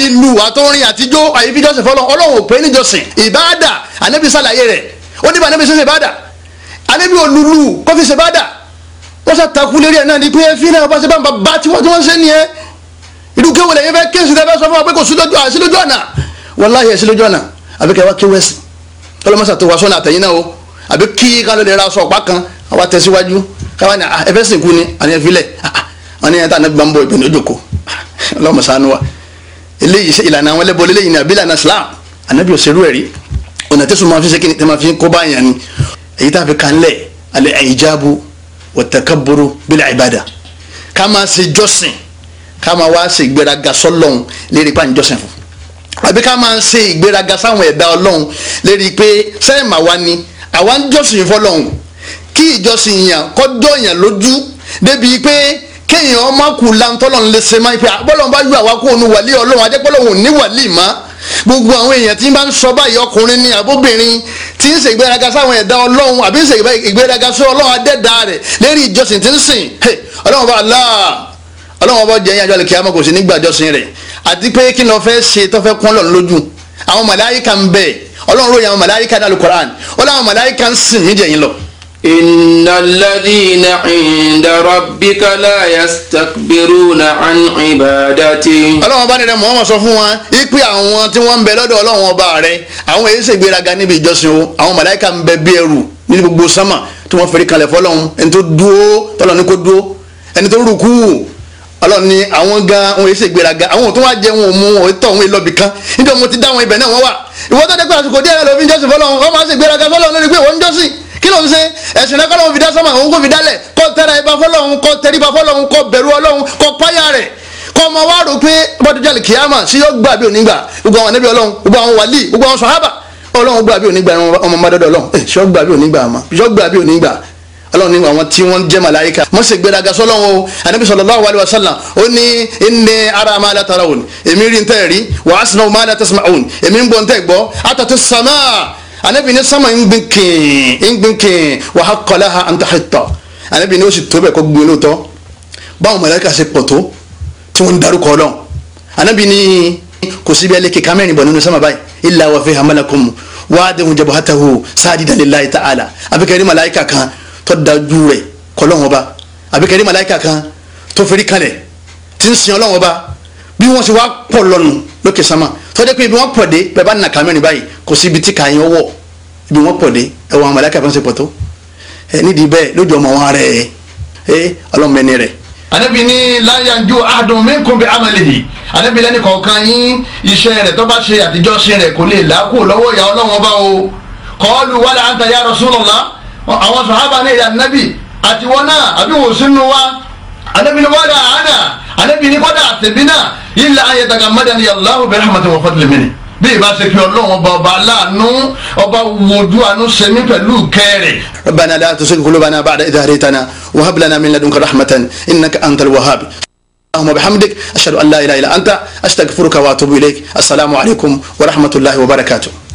S1: ìlú àtọrin àtijọ́ àyèfí jọ́sìn fọlọ́ ọlọ́run pé níjọ́sìn ìbáàdà ànábì sàlàyé rẹ̀ ó ní bá ànábì sẹ́sẹ̀ ìbáàdà ànábì olùlù kọ́fí sẹ́bàdà wọ́n ṣàtàkù lérí ẹ̀ náà ni pé fílẹ̀ ọba ṣe bá ń bá bá tiwọn tí wọ́n ṣe nìyẹn irú kéwòn lẹ́yìn fẹ́ kéésì tẹ́ fẹ́ sọ fún wa pé kò sí lójú ọ̀nà wàláhì sí lójú ọ̀nà àbí kẹ́ kí wẹ́sì ọlọ́mọṣà tó wá sọ́nà àtẹ̀yìn náà o àbí kí kálọ̀ lè ra aṣọ ọ̀pá kan àwa tẹ̀síwájú káwa ni ah, ẹ fẹ́ sìnkú ni àní ẹ ah, ah. wa eléyìí ìlànà àwọn ẹlẹ́bọ̀ eléyìí ni àbí ìlànà Islam ànábì òṣèlú ẹ̀rí ọ̀nà ni tẹ́ máa ni èyí tá a fi wọ̀tẹ̀kẹ́buru bílẹ̀ ìbàdà ká máa ṣe jọ́sìn ká máa wá ṣe ìgbéraga sọ́lọ́hún lérí pa ìjọsìn fún àbí ká máa ṣe ìgbéraga sáwọn ẹ̀dá ọlọ́hún lérí pé sẹ́yìn màwa ni àwa ń jọ́sìn fọlọ́hún kí ìjọsìn yàn kọjọ́ yàn lójú débìí pé kéèyàn ọmọkùnrin lantọ́lọ́hún lè ṣe máa ń pẹ́ àbọ́lọ́hún bá yọ àwa kó onú wàlíì ọlọ́hún ajẹ́pọ́lọ́hún ò ní wàlíì máa gbogbo àwọn èèyàn tí ń bá ń sọ báyìí ọkùnrin ni àbóbìnrin tí ń ṣe ìgbéraga sáwọn ẹ̀dá ọlọ́run àbí ń ṣe ìgbéraga sí ọlọ́run adẹ́dá rẹ̀ lérí ìjọsìn tí ń sìn ọlọ́run bá là ọlọ́run bá jẹ́ yín àjọ àlèkè àmọ́ kò sí nígbà ìjọsìn rẹ̀ àti pé kí ló fẹ́ ṣe tó fẹ́ kún ọlọ́run lójú àwọn màláyíkà ń bẹ
S2: ọlọ́run ròyìn àwọn màláyíkà ní al إن الذين عند ربك لا يستكبرون عن عبادته.
S1: ọlọ́run bá nílẹ̀ Muhammad sọ fún wọn ipe àwọn tí wọ́n ń bẹ lọ́dọ̀ ọlọ́run ọba rẹ̀ àwọn èyí ṣègbéraga níbi ìjọsìn o àwọn màláìka ń bẹ bí ẹrù ní gbogbo sánmà tí wọ́n fẹ́rí kalẹ̀ fọlọ́run ẹni tó dúó tọ́lọ́ ní kó dúó ẹni tó rúkú ọlọ́run ni àwọn gan àwọn èyí ṣègbéraga àwọn ò tún wá jẹun òmu òun tọ̀ òun ìlọ́bì kan nítorí mo ti dá àwọn ibẹ̀ náà wọ́n wà ìwọ́n tó dé pé àsìkò díẹ̀ lọ́ọ́ fi ń jọ́sìn fọlọ́run wọ́n máa ṣègbéraga fọlọ́run lórí pé wọ́n ń jọ́sìn kí ló ń ṣe ẹ̀sìn náà kọ́lọ́hún fi dá sọ́mà òun kò fi dálẹ̀ kọ́ tẹ́ra ibà fọlọ́hún kọ́ tẹríba fọlọ́hún kọ́ bẹ̀rù ọlọ́hún kọ́ páyà rẹ̀ kọ́ ọmọ wa rò pé bọ́dújàlì kìyàmà sí yóò gbà bí onígbà gbogbo àwọn ànábì ọlọ́hún gbogbo àwọn wàlíì gbogbo àwọn sàhábà ọlọ́hún gbà bí onígbà ọmọ mádọ́dọ̀ ọlọ́hún ẹ̀ eh, sọ́ gbà bí onígbà àmọ́ sọ́ gbà bí onígbà ọlọ́run ní àwọn tí wọ́n jẹ́ màláyíkà wọ́n sì gbéraga sọ́lọ́run o anabi sallallahu alaihi wasallam ó ní inni ara ma la tarawun èmi rí ntẹ́ rí wa asma'u ma la tasma'un èmi ń gbọ́ ntẹ́ gbọ́ atatu samaa anabi ní sama ń gbin kìn ń gbin kìn wa haqqa laha an tahitta anabi ní ó sì tó bẹ́ẹ̀ kó gbin lóòótọ́ báwọn màláíkà ṣe pọ̀ tó tí wọ́n ń darúkọ ọlọ́run anabi ní kò síbi ẹlẹ́kẹ̀ kámẹ́rin bọ̀ nínú sámà báyìí illa wa fiha malakun wa'adun jabhatahu sadidan lillahi ta'ala abikari màláíkà kan tó dájú rẹ̀ kọ́ ba abikari màláíkà kan tó ferí kalẹ̀ tí ń sin ọlọ́wọ́n ba bí wọ́n ṣe wá pọ̀ lọ́nu lókè sánmà tọ́jú pé ibi wọ́n pọ̀ dé bẹ́ẹ̀ bá nà kàmí ẹni báyìí kò sí ibi tí kà yín wọ̀ ibi wọ́n pọ̀ dé ẹ wọ àwọn màláíkà fún ṣe pọ̀ tó ẹ nídìí bẹ́ẹ̀ lójú ọmọ wọn rẹ̀ ẹ ọlọ́mọbìnrin rẹ̀. anabi ni láyanjú adùn mi kún bí amalihi anabi lẹ́ni kọ̀ọ̀kan yín iṣẹ́ rẹ̀ tó ṣe àtijọ́ ṣe rẹ̀ kò lè làákù lọ́wọ́ ìyá ọlọ́wọ́n bá o kọ́ọ̀lù wàlà àǹtà ya Rasulullah àwọn sàhábà ní ìyá annabi ne bada ana annabi ne bada atemina illa an yataghammadani allah bi rahmatin wa fadlin minni bí ìbá ṣe fi ọlọ́run ọba ọba aláàánú ọba wojú àánú sẹ́mi pẹ̀lú kẹrẹ̀. rabbana la tuzigh qulubana ba'da idh hadaytana wa hab lana min ladunka rahmatan innaka antal wahhab. اللهم وبحمدك أشهد أن لا
S2: إله إلا أنت أستغفرك وأتوب إليك السلام عليكم ورحمة الله وبركاته